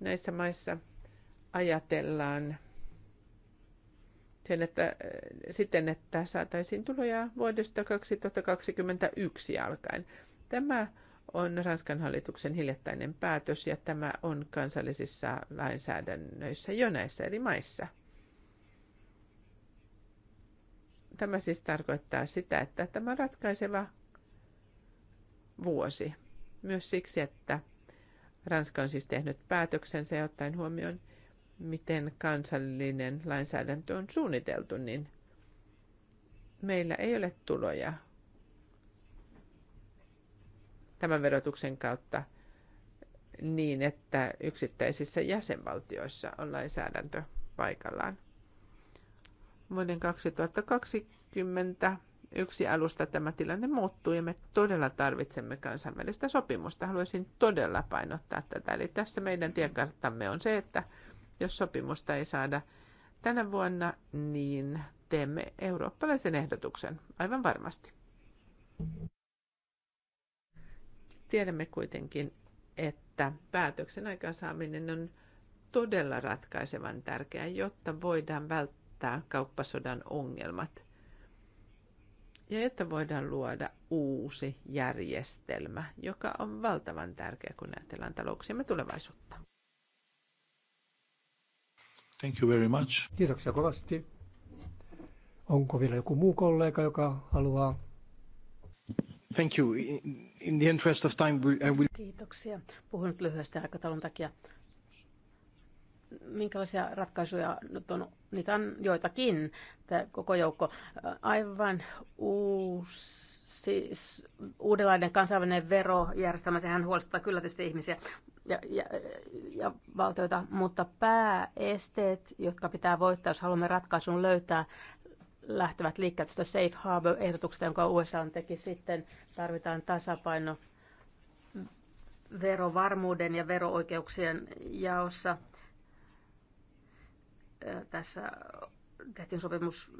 näissä maissa ajatellaan sen, että, äh, siten, että saataisiin tuloja vuodesta 2021 alkaen. Tämä on Ranskan hallituksen hiljattainen päätös ja tämä on kansallisissa lainsäädännöissä jo näissä eri maissa. Tämä siis tarkoittaa sitä, että tämä on ratkaiseva vuosi. Myös siksi, että Ranska on siis tehnyt päätöksensä ja ottaen huomioon miten kansallinen lainsäädäntö on suunniteltu, niin meillä ei ole tuloja tämän verotuksen kautta niin, että yksittäisissä jäsenvaltioissa on lainsäädäntö paikallaan. Vuoden 2020 yksi alusta tämä tilanne muuttuu ja me todella tarvitsemme kansainvälistä sopimusta. Haluaisin todella painottaa tätä. Eli tässä meidän tiekarttamme on se, että jos sopimusta ei saada tänä vuonna, niin teemme eurooppalaisen ehdotuksen, aivan varmasti. Tiedämme kuitenkin, että päätöksen aikaansaaminen on todella ratkaisevan tärkeää, jotta voidaan välttää kauppasodan ongelmat ja jotta voidaan luoda uusi järjestelmä, joka on valtavan tärkeä, kun ajatellaan talouksiemme tulevaisuutta. Thank you very much. Kiitoksia kovasti. Onko vielä joku muu kollega, joka haluaa? Thank you. In the interest of time, I will... Kiitoksia. Puhun nyt lyhyesti aikataulun takia. Minkälaisia ratkaisuja nyt on? Niitä on joitakin, tämä koko joukko. Aivan uusi, siis uudenlainen kansainvälinen verojärjestelmä, sehän huolestuttaa kyllä tietysti ihmisiä, ja, ja, ja valtioita, mutta pääesteet, jotka pitää voittaa, jos haluamme ratkaisun löytää, lähtevät liikkeelle tästä Safe Harbor-ehdotuksesta, jonka USA on teki sitten. Tarvitaan tasapaino verovarmuuden ja verooikeuksien jaossa. Tässä tehtiin sopimus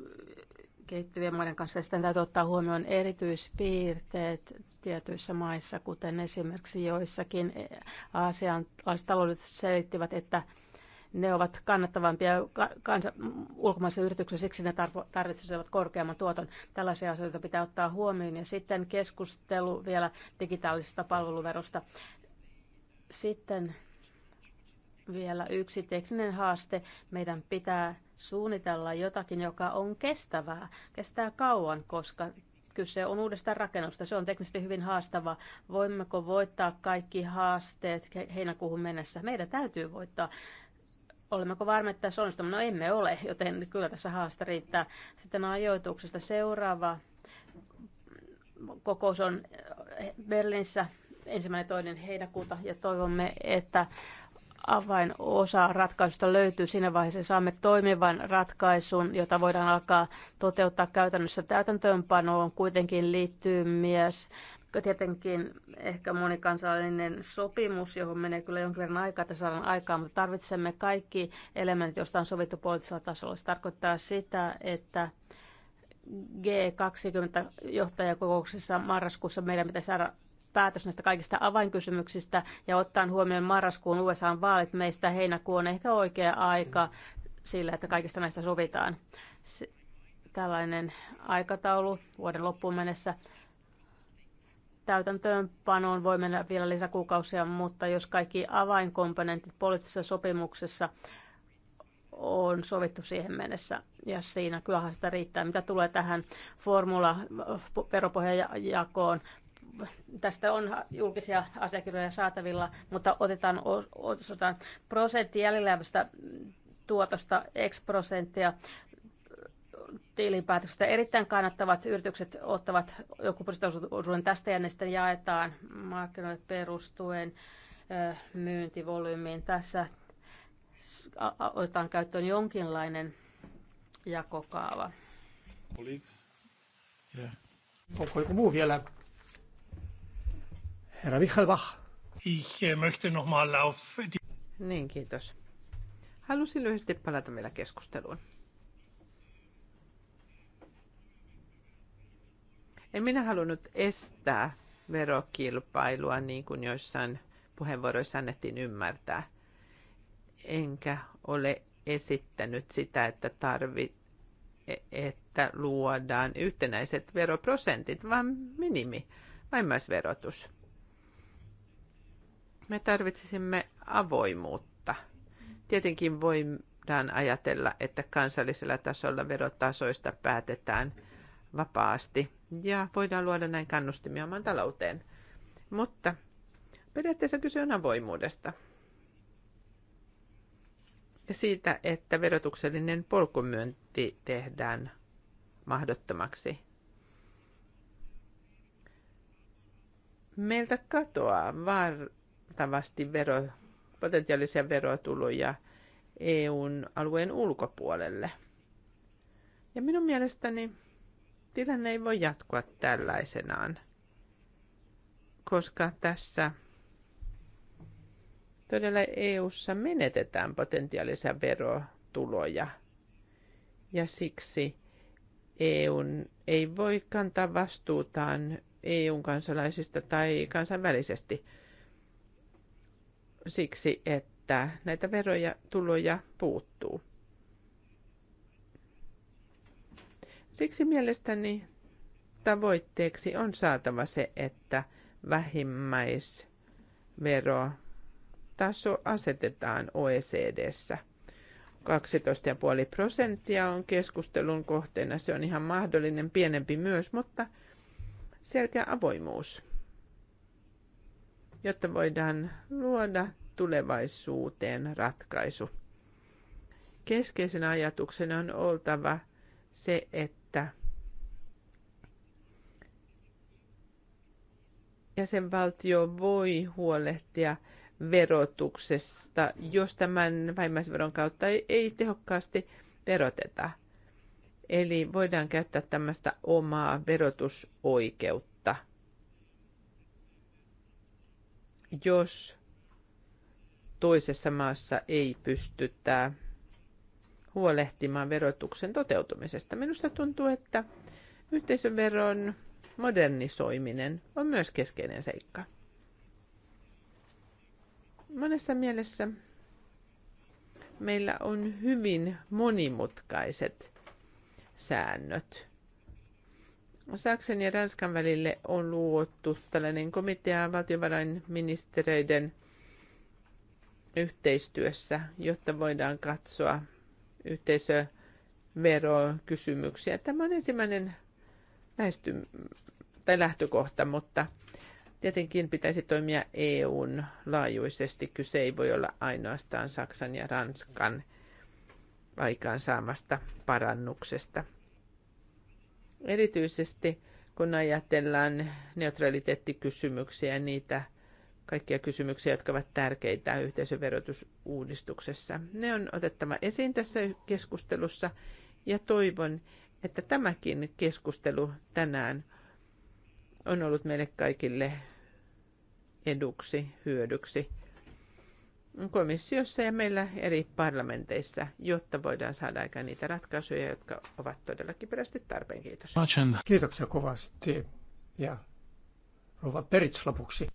kehittyvien maiden kanssa. Ja sitten täytyy ottaa huomioon erityispiirteet tietyissä maissa, kuten esimerkiksi joissakin Aasian taloudet selittivät, että ne ovat kannattavampia kansa, ulkomaisen yrityksen, siksi ne tarvitsisivat korkeamman tuoton. Tällaisia asioita pitää ottaa huomioon. Ja sitten keskustelu vielä digitaalisesta palveluverosta. Sitten vielä yksi tekninen haaste. Meidän pitää suunnitella jotakin, joka on kestävää, kestää kauan, koska kyse on uudesta rakennusta. Se on teknisesti hyvin haastava. Voimmeko voittaa kaikki haasteet heinäkuuhun mennessä? Meidän täytyy voittaa. Olemmeko varma, että tässä onnistumme? No emme ole, joten kyllä tässä haaste riittää. Sitten ajoituksesta seuraava kokous on Berliinissä ensimmäinen toinen heinäkuuta ja toivomme, että avainosa ratkaisusta löytyy siinä vaiheessa, saamme toimivan ratkaisun, jota voidaan alkaa toteuttaa käytännössä täytäntöönpanoon. Kuitenkin liittyy myös tietenkin ehkä monikansallinen sopimus, johon menee kyllä jonkin verran aikaa, että saadaan aikaa, mutta tarvitsemme kaikki elementit, joista on sovittu poliittisella tasolla. Se tarkoittaa sitä, että G20-johtajakokouksessa marraskuussa meidän pitäisi saada päätös näistä kaikista avainkysymyksistä ja ottaen huomioon marraskuun USAn vaalit meistä heinäkuu on ehkä oikea aika sillä, että kaikista näistä sovitaan. Tällainen aikataulu vuoden loppuun mennessä täytäntöönpanoon voi mennä vielä lisäkuukausia, mutta jos kaikki avainkomponentit poliittisessa sopimuksessa on sovittu siihen mennessä, ja siinä kyllähän sitä riittää. Mitä tulee tähän formula veropohjajakoon, tästä on julkisia asiakirjoja saatavilla, mutta otetaan, otetaan prosentti jäljellä tuotosta X prosenttia tilinpäätöksestä. Erittäin kannattavat yritykset ottavat joku prosenttiosuuden tästä ja ne sitten jaetaan markkinoille perustuen myyntivolyymiin. Tässä otetaan käyttöön jonkinlainen jakokaava. Oliko? Yeah. Onko joku muu vielä Herra Michael Bach. Ich äh, möchte noch mal auf... Niin, kiitos. Halusin lyhyesti palata vielä keskusteluun. En minä halunnut estää verokilpailua niin kuin joissain puheenvuoroissa annettiin ymmärtää. Enkä ole esittänyt sitä, että tarvi, e-, että luodaan yhtenäiset veroprosentit, vaan minimi, vähimmäisverotus. Me tarvitsisimme avoimuutta. Tietenkin voidaan ajatella, että kansallisella tasolla verotasoista päätetään vapaasti ja voidaan luoda näin kannustimia oman talouteen. Mutta periaatteessa kyse on avoimuudesta ja siitä, että verotuksellinen polkumyönti tehdään mahdottomaksi. Meiltä katoaa var- huomattavasti vero, potentiaalisia verotuloja EUn alueen ulkopuolelle. Ja minun mielestäni tilanne ei voi jatkua tällaisenaan, koska tässä todella EUssa menetetään potentiaalisia verotuloja. Ja siksi EUn ei voi kantaa vastuutaan EUn kansalaisista tai kansainvälisesti – siksi, että näitä veroja, tuloja puuttuu. Siksi mielestäni tavoitteeksi on saatava se, että vähimmäisvero taso asetetaan OECDssä. 12,5 prosenttia on keskustelun kohteena. Se on ihan mahdollinen, pienempi myös, mutta selkeä avoimuus jotta voidaan luoda tulevaisuuteen ratkaisu. Keskeisen ajatuksen on oltava se, että jäsenvaltio voi huolehtia verotuksesta, jos tämän vähimmäisveron kautta ei, ei tehokkaasti veroteta. Eli voidaan käyttää tämmöistä omaa verotusoikeutta jos toisessa maassa ei pystytä huolehtimaan verotuksen toteutumisesta. Minusta tuntuu, että yhteisöveron modernisoiminen on myös keskeinen seikka. Monessa mielessä meillä on hyvin monimutkaiset säännöt Saksan ja Ranskan välille on luotu tällainen komitea valtiovarainministereiden yhteistyössä, jotta voidaan katsoa yhteisöverokysymyksiä. Tämä on ensimmäinen lähesty, tai lähtökohta, mutta tietenkin pitäisi toimia EUn laajuisesti. Kyse ei voi olla ainoastaan Saksan ja Ranskan aikaansaamasta parannuksesta – Erityisesti kun ajatellaan neutraliteettikysymyksiä ja niitä kaikkia kysymyksiä, jotka ovat tärkeitä yhteisöverotusuudistuksessa. Ne on otettava esiin tässä keskustelussa ja toivon, että tämäkin keskustelu tänään on ollut meille kaikille eduksi, hyödyksi komissiossa ja meillä eri parlamenteissa, jotta voidaan saada aikaan niitä ratkaisuja, jotka ovat todellakin perästi tarpeen. Kiitos. Kiitoksia kovasti ja rouva Perits lopuksi.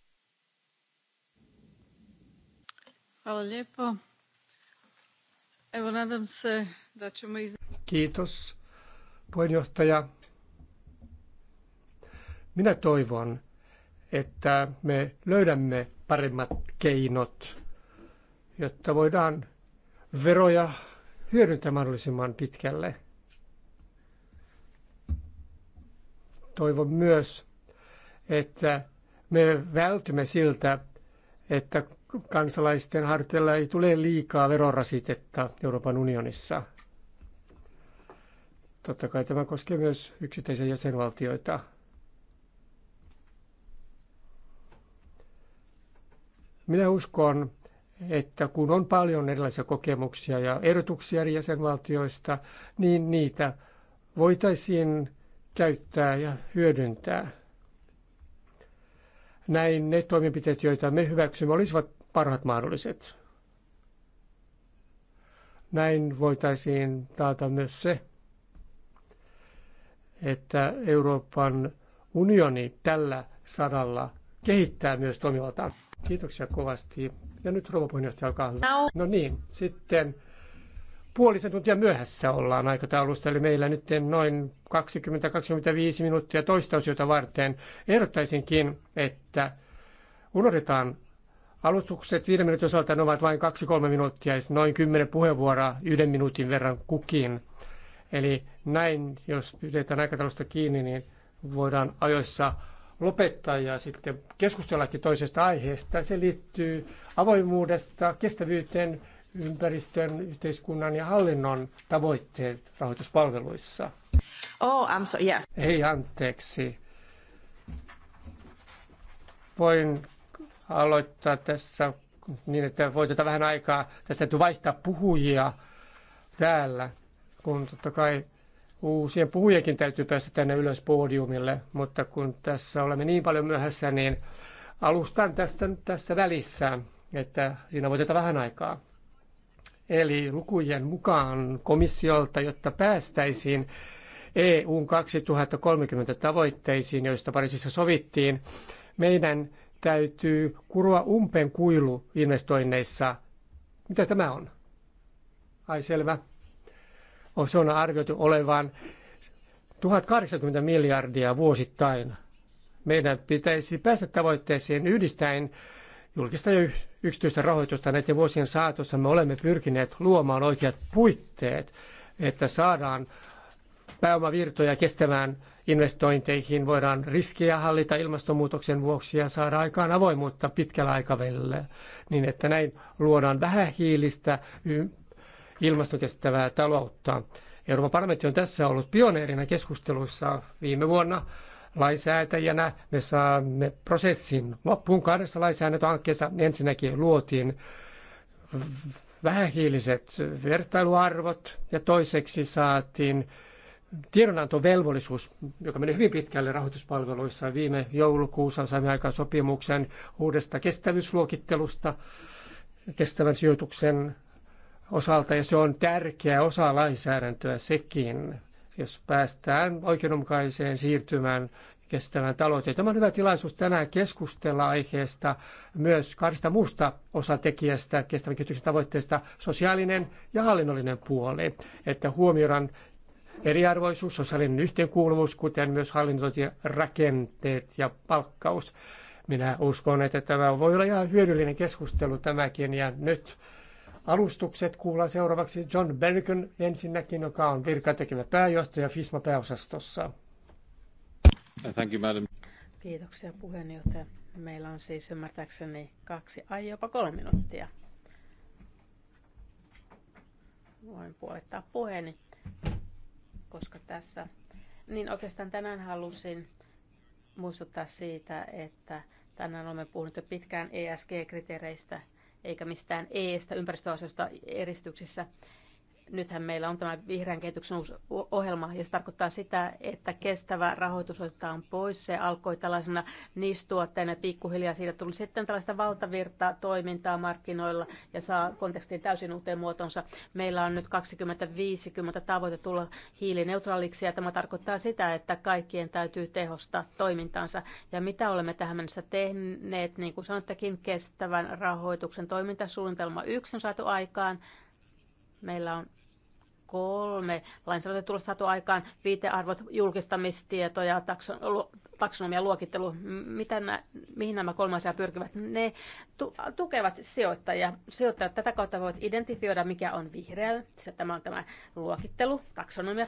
Kiitos puheenjohtaja. Minä toivon, että me löydämme paremmat keinot jotta voidaan veroja hyödyntää mahdollisimman pitkälle. Toivon myös, että me vältymme siltä, että kansalaisten harteilla ei tule liikaa verorasitetta Euroopan unionissa. Totta kai tämä koskee myös yksittäisiä jäsenvaltioita. Minä uskon, että kun on paljon erilaisia kokemuksia ja erotuksia eri jäsenvaltioista, niin niitä voitaisiin käyttää ja hyödyntää. Näin ne toimenpiteet, joita me hyväksymme, olisivat parhaat mahdolliset. Näin voitaisiin taata myös se, että Euroopan unioni tällä sadalla kehittää myös toimivaltaan. Kiitoksia kovasti ja nyt rouva puheenjohtaja, alkaa. hyvä. No niin, sitten puolisen tuntia myöhässä ollaan aikataulusta, eli meillä nyt noin 20-25 minuuttia osiota varten. Ehdottaisinkin, että unohdetaan alustukset viiden minuutin osalta, ne ovat vain 2-3 minuuttia, ja noin 10 puheenvuoroa yhden minuutin verran kukin. Eli näin, jos pidetään aikataulusta kiinni, niin voidaan ajoissa lopettaa ja sitten keskustellakin toisesta aiheesta. Se liittyy avoimuudesta, kestävyyteen, ympäristön, yhteiskunnan ja hallinnon tavoitteet rahoituspalveluissa. Oh, I'm so, yeah. Hei anteeksi. Voin aloittaa tässä niin, että voi tätä vähän aikaa. Tästä täytyy vaihtaa puhujia täällä, kun totta kai uusien puhujakin täytyy päästä tänne ylös podiumille, mutta kun tässä olemme niin paljon myöhässä, niin alustan tässä, tässä välissä, että siinä voi vähän aikaa. Eli lukujen mukaan komissiolta, jotta päästäisiin EUn 2030 tavoitteisiin, joista Pariisissa sovittiin, meidän täytyy kuroa umpeen kuilu investoinneissa. Mitä tämä on? Ai selvä se on arvioitu olevan 1080 miljardia vuosittain. Meidän pitäisi päästä tavoitteeseen yhdistäen julkista ja yksityistä rahoitusta näiden vuosien saatossa. Me olemme pyrkineet luomaan oikeat puitteet, että saadaan pääomavirtoja kestämään investointeihin, voidaan riskejä hallita ilmastonmuutoksen vuoksi ja saada aikaan avoimuutta pitkällä aikavälillä, niin että näin luodaan vähähiilistä ilmastokestävää taloutta. Euroopan parlamentti on tässä ollut pioneerina keskusteluissa viime vuonna lainsäätäjänä. Me saamme prosessin loppuun kahdessa lainsäädäntöhankkeessa. Ensinnäkin luotiin vähähiiliset vertailuarvot ja toiseksi saatiin tiedonantovelvollisuus, joka meni hyvin pitkälle rahoituspalveluissa. Viime joulukuussa saimme aikaan sopimuksen uudesta kestävyysluokittelusta kestävän sijoituksen osalta, ja se on tärkeä osa lainsäädäntöä sekin, jos päästään oikeudenmukaiseen siirtymään kestävän talouteen. Tämä on hyvä tilaisuus tänään keskustella aiheesta myös kahdesta muusta osatekijästä kestävän kehityksen tavoitteesta, sosiaalinen ja hallinnollinen puoli, että huomioidaan eriarvoisuus, sosiaalinen yhteenkuuluvuus, kuten myös rakenteet ja palkkaus. Minä uskon, että tämä voi olla ihan hyödyllinen keskustelu tämäkin, ja nyt Alustukset kuullaan seuraavaksi John Bergen ensinnäkin, joka on virkatekevä pääjohtaja FISMA-pääosastossa. Thank you, madam. Kiitoksia puheenjohtaja. Meillä on siis ymmärtääkseni kaksi, ai jopa kolme minuuttia. Voin puolittaa puheeni, koska tässä... Niin oikeastaan tänään halusin muistuttaa siitä, että tänään olemme puhuneet jo pitkään ESG-kriteereistä – eikä mistään eestä ympäristöasioista eristyksissä nythän meillä on tämä vihreän kehityksen uusi ohjelma, ja se tarkoittaa sitä, että kestävä rahoitus otetaan pois. Se alkoi tällaisena niistuotteena pikkuhiljaa. Siitä tuli sitten tällaista valtavirta toimintaa markkinoilla ja saa kontekstin täysin uuteen muotonsa. Meillä on nyt 2050 tavoite tulla hiilineutraaliksi, ja tämä tarkoittaa sitä, että kaikkien täytyy tehostaa toimintaansa. Ja mitä olemme tähän mennessä tehneet, niin kuin sanottekin, kestävän rahoituksen toimintasuunnitelma yksi on saatu aikaan. Meillä on kolme lainsäädäntötulosta saatu aikaan, viitearvot, julkistamistietoja, taksonomia, luokittelu, mitä nämä, mihin nämä kolme asiaa pyrkivät, ne tu, tukevat sijoittajia. Sijoittajat tätä kautta voivat identifioida, mikä on vihreä, se, tämä on tämä luokittelu,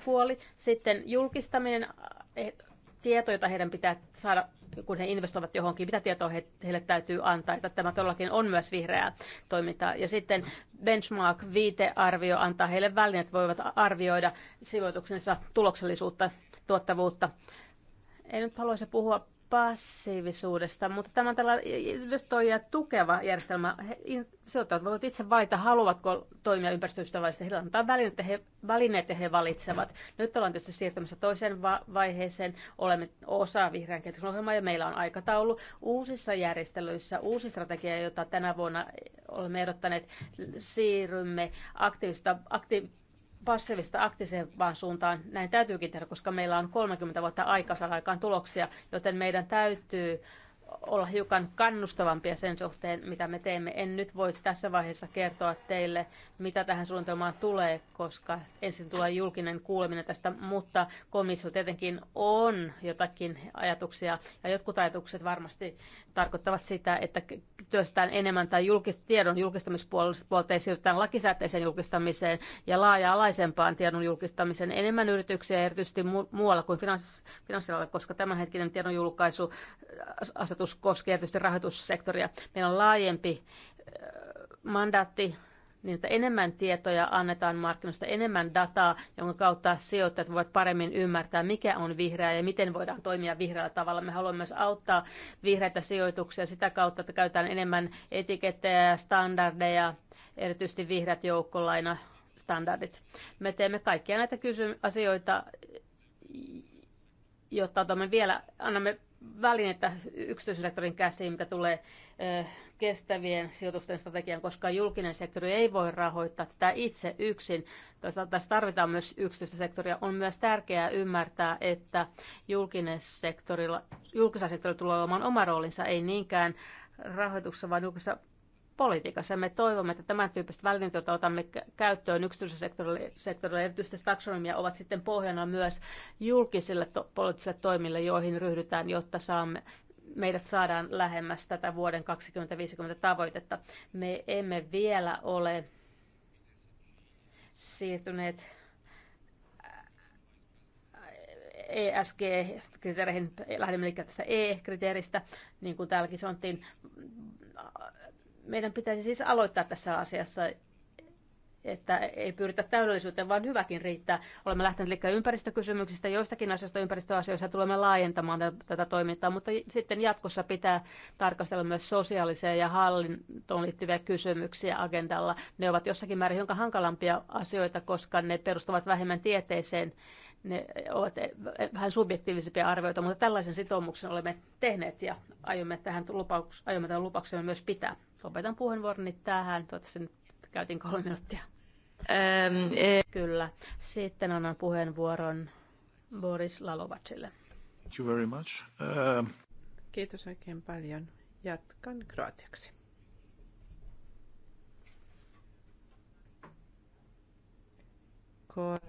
puoli. sitten julkistaminen, eh, tieto, jota heidän pitää saada kun he investoivat johonkin, mitä tietoa he, heille täytyy antaa, että tämä todellakin on myös vihreää toimintaa. Ja sitten benchmark-viitearvio antaa heille välineet, voivat arvioida sijoituksensa tuloksellisuutta, tuottavuutta. En nyt haluaisi puhua passiivisuudesta, mutta tämä on tällainen tukeva järjestelmä. Sijoittajat voivat itse valita, haluavatko toimia ympäristöystävällisesti. Heillä on välineet he, välineet ja he valitsevat. Nyt ollaan tietysti siirtymässä toiseen va- vaiheeseen. Olemme osa vihreän kehitysohjelmaa ja meillä on aikataulu. Uusissa järjestelyissä, uusi strategia, jota tänä vuonna olemme ehdottaneet, siirrymme aktiivista, akti- passiivista aktiivisempaan suuntaan. Näin täytyykin tehdä, koska meillä on 30 vuotta aikaa aikaan tuloksia, joten meidän täytyy olla hiukan kannustavampia sen suhteen, mitä me teemme. En nyt voi tässä vaiheessa kertoa teille, mitä tähän suunnitelmaan tulee, koska ensin tulee julkinen kuuleminen tästä, mutta komissio tietenkin on jotakin ajatuksia, ja jotkut ajatukset varmasti tarkoittavat sitä, että työstään enemmän tai julkist- tiedon julkistamispuolta ja siirrytään lakisääteiseen julkistamiseen ja laaja-alaisempaan tiedon julkistamiseen enemmän yrityksiä, erityisesti mu- muualla kuin finanssialalla, koska tämänhetkinen tiedon julkaisu asetus koskee tietysti rahoitussektoria. Meillä on laajempi mandaatti niin että enemmän tietoja annetaan markkinoista, enemmän dataa, jonka kautta sijoittajat voivat paremmin ymmärtää, mikä on vihreä ja miten voidaan toimia vihreällä tavalla. Me haluamme myös auttaa vihreitä sijoituksia sitä kautta, että käytetään enemmän etikettejä ja standardeja, erityisesti vihreät joukkolaina standardit. Me teemme kaikkia näitä kysy- asioita, jotta otamme vielä, annamme välinettä yksityissektorin käsiin, mitä tulee eh, kestävien sijoitusten strategian, koska julkinen sektori ei voi rahoittaa tätä itse yksin. Tässä tarvitaan myös yksityistä sektoria. On myös tärkeää ymmärtää, että julkinen sektorilla, julkisella sektorilla tulee olemaan oma roolinsa, ei niinkään rahoituksessa, vaan julkisessa politiikassa. Me toivomme, että tämän tyyppiset välineet, joita otamme käyttöön yksityisellä sektorilla, sektorilla erityisesti taksonomia, ovat sitten pohjana myös julkisille to- poliittisille toimille, joihin ryhdytään, jotta saamme meidät saadaan lähemmäs tätä vuoden 2050 tavoitetta. Me emme vielä ole siirtyneet ESG-kriteereihin, lähdemme liikkeelle tästä E-kriteeristä, niin kuin täälläkin sanottiin, meidän pitäisi siis aloittaa tässä asiassa, että ei pyritä täydellisyyteen, vaan hyväkin riittää. Olemme lähteneet liikkeelle ympäristökysymyksistä, joistakin asioista ympäristöasioissa tulemme laajentamaan tätä toimintaa, mutta sitten jatkossa pitää tarkastella myös sosiaalisia ja hallintoon liittyviä kysymyksiä agendalla. Ne ovat jossakin määrin jonka hankalampia asioita, koska ne perustuvat vähemmän tieteeseen ne ovat e- e- vähän subjektiivisempia arvioita, mutta tällaisen sitoumuksen olemme tehneet ja aiomme tähän lupauks- aiomme tämän lupauksemme myös pitää. Lopetan puheenvuoroni tähän. Toivottavasti nyt käytin kolme minuuttia. Ähm, e- Kyllä. Sitten annan puheenvuoron Boris Lalovacille. Thank you very much. Um... Kiitos oikein paljon. Jatkan kroatiaksi. Kor...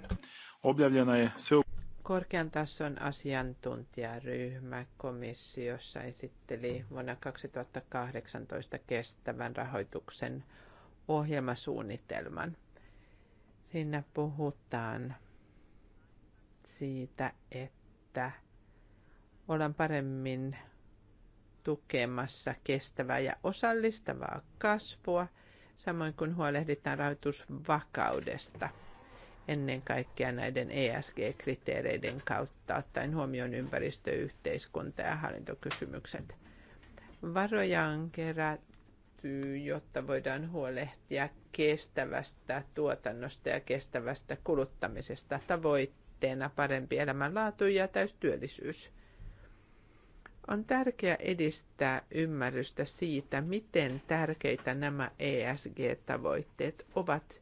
Objavljena je sve korkean tason asiantuntijaryhmä komissiossa esitteli vuonna 2018 kestävän rahoituksen ohjelmasuunnitelman. Siinä puhutaan siitä, että ollaan paremmin tukemassa kestävää ja osallistavaa kasvua, samoin kuin huolehditaan rahoitusvakaudesta – ennen kaikkea näiden ESG-kriteereiden kautta, ottaen huomioon ympäristö, yhteiskunta ja hallintokysymykset. Varoja on kerätty, jotta voidaan huolehtia kestävästä tuotannosta ja kestävästä kuluttamisesta tavoitteena parempi elämänlaatu ja täystyöllisyys. On tärkeää edistää ymmärrystä siitä, miten tärkeitä nämä ESG-tavoitteet ovat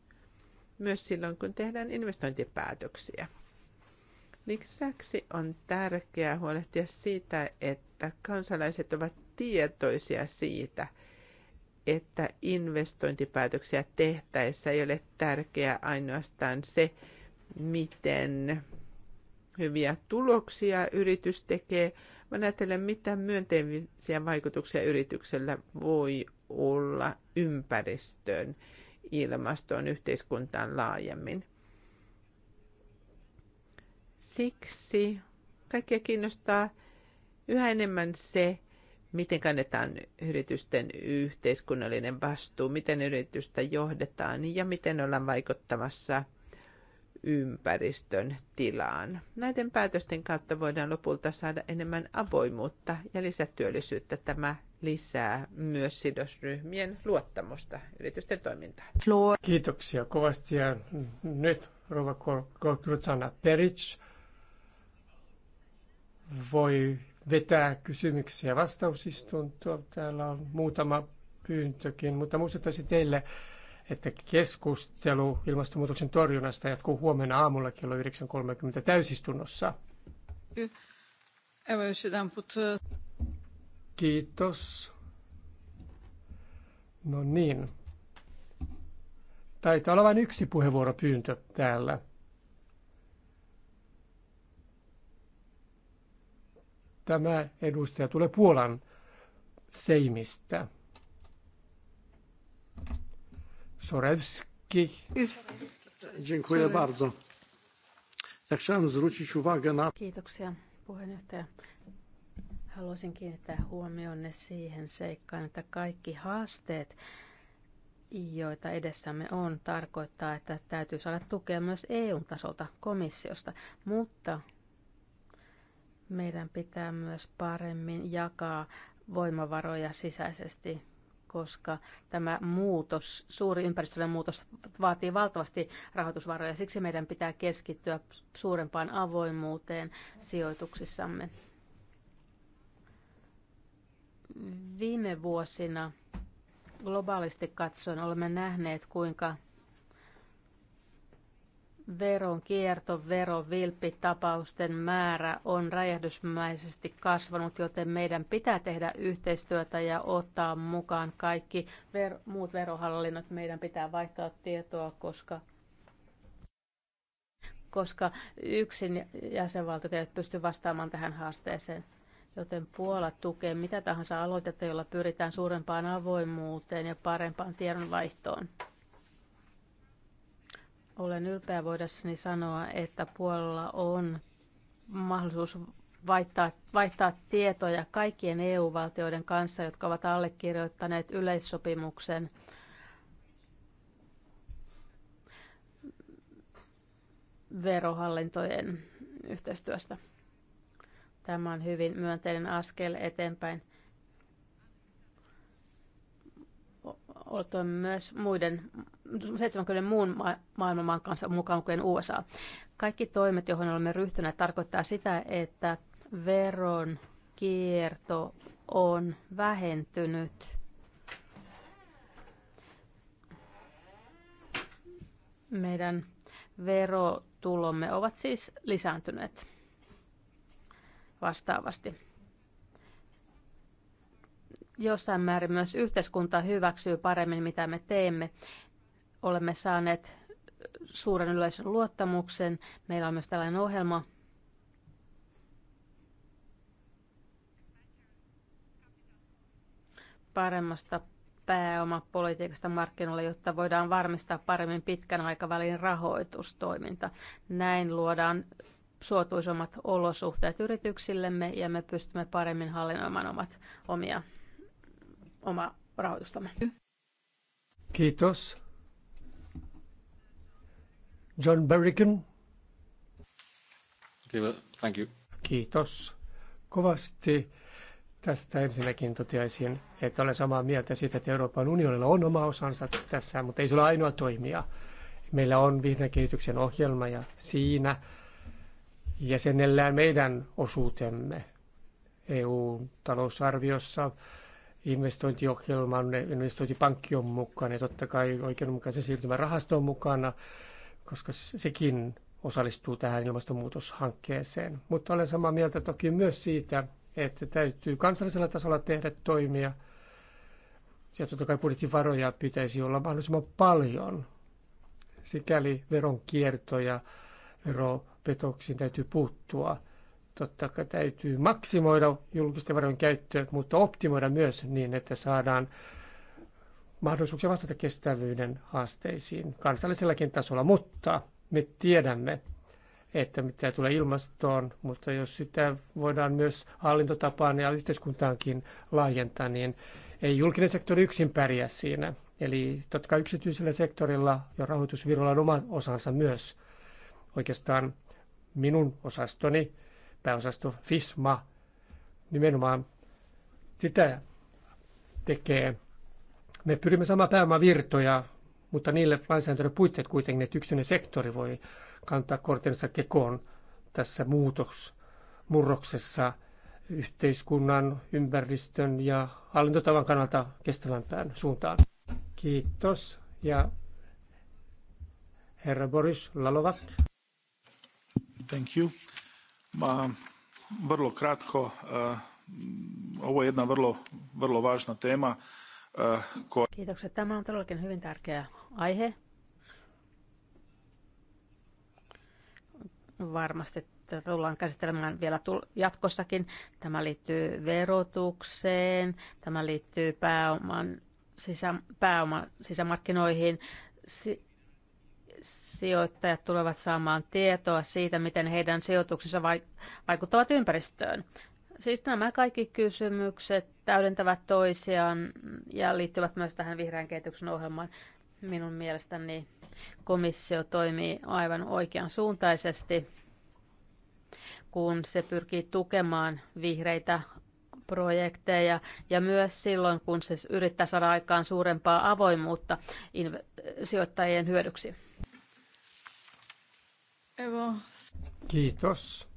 myös silloin, kun tehdään investointipäätöksiä. Lisäksi on tärkeää huolehtia siitä, että kansalaiset ovat tietoisia siitä, että investointipäätöksiä tehtäessä ei ole tärkeää ainoastaan se, miten hyviä tuloksia yritys tekee, vaan ajatellen, mitä myönteisiä vaikutuksia yrityksellä voi olla ympäristöön ilmastoon, yhteiskuntaan laajemmin. Siksi kaikkia kiinnostaa yhä enemmän se, miten kannetaan yritysten yhteiskunnallinen vastuu, miten yritystä johdetaan ja miten ollaan vaikuttamassa ympäristön tilaan. Näiden päätösten kautta voidaan lopulta saada enemmän avoimuutta ja lisätyöllisyyttä. Tämä lisää myös sidosryhmien luottamusta yritysten toimintaan. Floor. Kiitoksia kovasti ja nyt Rova Krutsana Peric voi vetää kysymyksiä vastausistuntoa. Täällä on muutama pyyntökin, mutta muistuttaisin teille, että keskustelu ilmastonmuutoksen torjunnasta jatkuu huomenna aamulla kello 9.30 täysistunnossa. Evo još jedanput Kiitos. No niin. Taitaa olla vain yksi puheenvuoropyyntö täällä. Tämä edustaja tulee Puolan Seimistä. Sorewski. Kiitoksia puheenjohtaja. Haluaisin kiinnittää huomionne siihen seikkaan, että kaikki haasteet, joita edessämme on, tarkoittaa, että täytyy saada tukea myös EU-tasolta, komissiosta, mutta meidän pitää myös paremmin jakaa voimavaroja sisäisesti, koska tämä muutos, suuri ympäristöllinen muutos vaatii valtavasti rahoitusvaroja. Siksi meidän pitää keskittyä suurempaan avoimuuteen sijoituksissamme. Viime vuosina globaalisti katsoen olemme nähneet, kuinka veron kierto, veron vilppitapausten määrä on räjähdysmäisesti kasvanut, joten meidän pitää tehdä yhteistyötä ja ottaa mukaan kaikki ver- muut verohallinnot. Meidän pitää vaihtaa tietoa, koska koska yksin jäsenvaltiot eivät pysty vastaamaan tähän haasteeseen joten Puola tukee mitä tahansa aloitetta, jolla pyritään suurempaan avoimuuteen ja parempaan tiedonvaihtoon. Olen ylpeä voidessani sanoa, että Puolalla on mahdollisuus vaihtaa, vaihtaa tietoja kaikkien EU-valtioiden kanssa, jotka ovat allekirjoittaneet yleissopimuksen verohallintojen yhteistyöstä. Tämä on hyvin myönteinen askel eteenpäin. Oltoon myös muiden 70 muun ma- maailman kanssa mukaan kuin USA. Kaikki toimet, joihin olemme ryhtyneet, tarkoittaa sitä, että veron kierto on vähentynyt. Meidän verotulomme ovat siis lisääntyneet vastaavasti. Jossain määrin myös yhteiskunta hyväksyy paremmin, mitä me teemme. Olemme saaneet suuren yleisön luottamuksen. Meillä on myös tällainen ohjelma, paremmasta pääomapolitiikasta markkinoilla, jotta voidaan varmistaa paremmin pitkän aikavälin rahoitustoiminta. Näin luodaan suotuisammat olosuhteet yrityksillemme ja me pystymme paremmin hallinnoimaan omat, omia, oma rahoitustamme. Kiitos. John Berrigan. Kiitos. Thank you. Kiitos kovasti. Tästä ensinnäkin toteaisin, että olen samaa mieltä siitä, että Euroopan unionilla on oma osansa tässä, mutta ei se ole ainoa toimija. Meillä on vihreän kehityksen ohjelma ja siinä jäsenellään meidän osuutemme EU-talousarviossa investointiohjelman, investointipankki on mukana ja totta kai oikeudenmukaisen siirtymän rahasto on mukana, koska sekin osallistuu tähän ilmastonmuutoshankkeeseen. Mutta olen samaa mieltä toki myös siitä, että täytyy kansallisella tasolla tehdä toimia ja totta kai budjettivaroja pitäisi olla mahdollisimman paljon. Sikäli veronkierto ja vero petoksiin täytyy puuttua. Totta kai täytyy maksimoida julkisten varojen käyttöä, mutta optimoida myös niin, että saadaan mahdollisuuksia vastata kestävyyden haasteisiin kansallisellakin tasolla. Mutta me tiedämme, että mitä tulee ilmastoon, mutta jos sitä voidaan myös hallintotapaan ja yhteiskuntaankin laajentaa, niin ei julkinen sektori yksin pärjää siinä. Eli totta kai yksityisellä sektorilla ja rahoitusvirolla on oma osansa myös. Oikeastaan minun osastoni, pääosasto FISMA, nimenomaan sitä tekee. Me pyrimme saamaan pääomavirtoja, mutta niille lainsäädännön puitteet kuitenkin, että yksityinen sektori voi kantaa kortensa kekoon tässä muutos, murroksessa yhteiskunnan, ympäristön ja hallintotavan kannalta kestävämpään suuntaan. Kiitos ja herra Boris Lalovak. Thank you. Ma, vrlo kratko, e, ovo je jedna vrlo, vrlo važna tema. E, ko... Kiitokset. Tämä on todellakin hyvin tärkeä aihe. Varmasti tullaan käsittelemään vielä jatkossakin. Tämä liittyy verotukseen, tämä liittyy pääoman, sisä, pääoman sisämarkkinoihin, si- sijoittajat tulevat saamaan tietoa siitä, miten heidän sijoituksensa vaikuttavat ympäristöön. Siis nämä kaikki kysymykset täydentävät toisiaan ja liittyvät myös tähän vihreän kehityksen ohjelmaan. Minun mielestäni komissio toimii aivan oikean suuntaisesti, kun se pyrkii tukemaan vihreitä projekteja ja myös silloin, kun se yrittää saada aikaan suurempaa avoimuutta sijoittajien hyödyksi. Evo. Kiitos.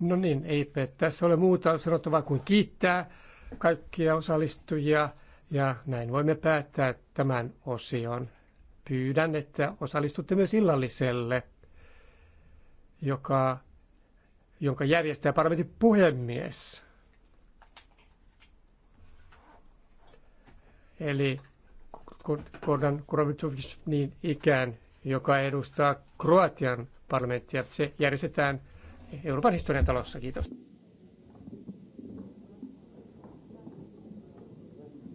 No niin, ei tässä ole muuta sanottavaa kuin kiittää kaikkia osallistujia ja näin voimme päättää tämän osion. Pyydän, että osallistutte myös illalliselle, joka, jonka järjestää parlamentin puhemies. Eli Gordon Kurovicovic niin ikään, joka edustaa Kroatian parlamenttia. Se järjestetään Euroopan historian talossa. Kiitos.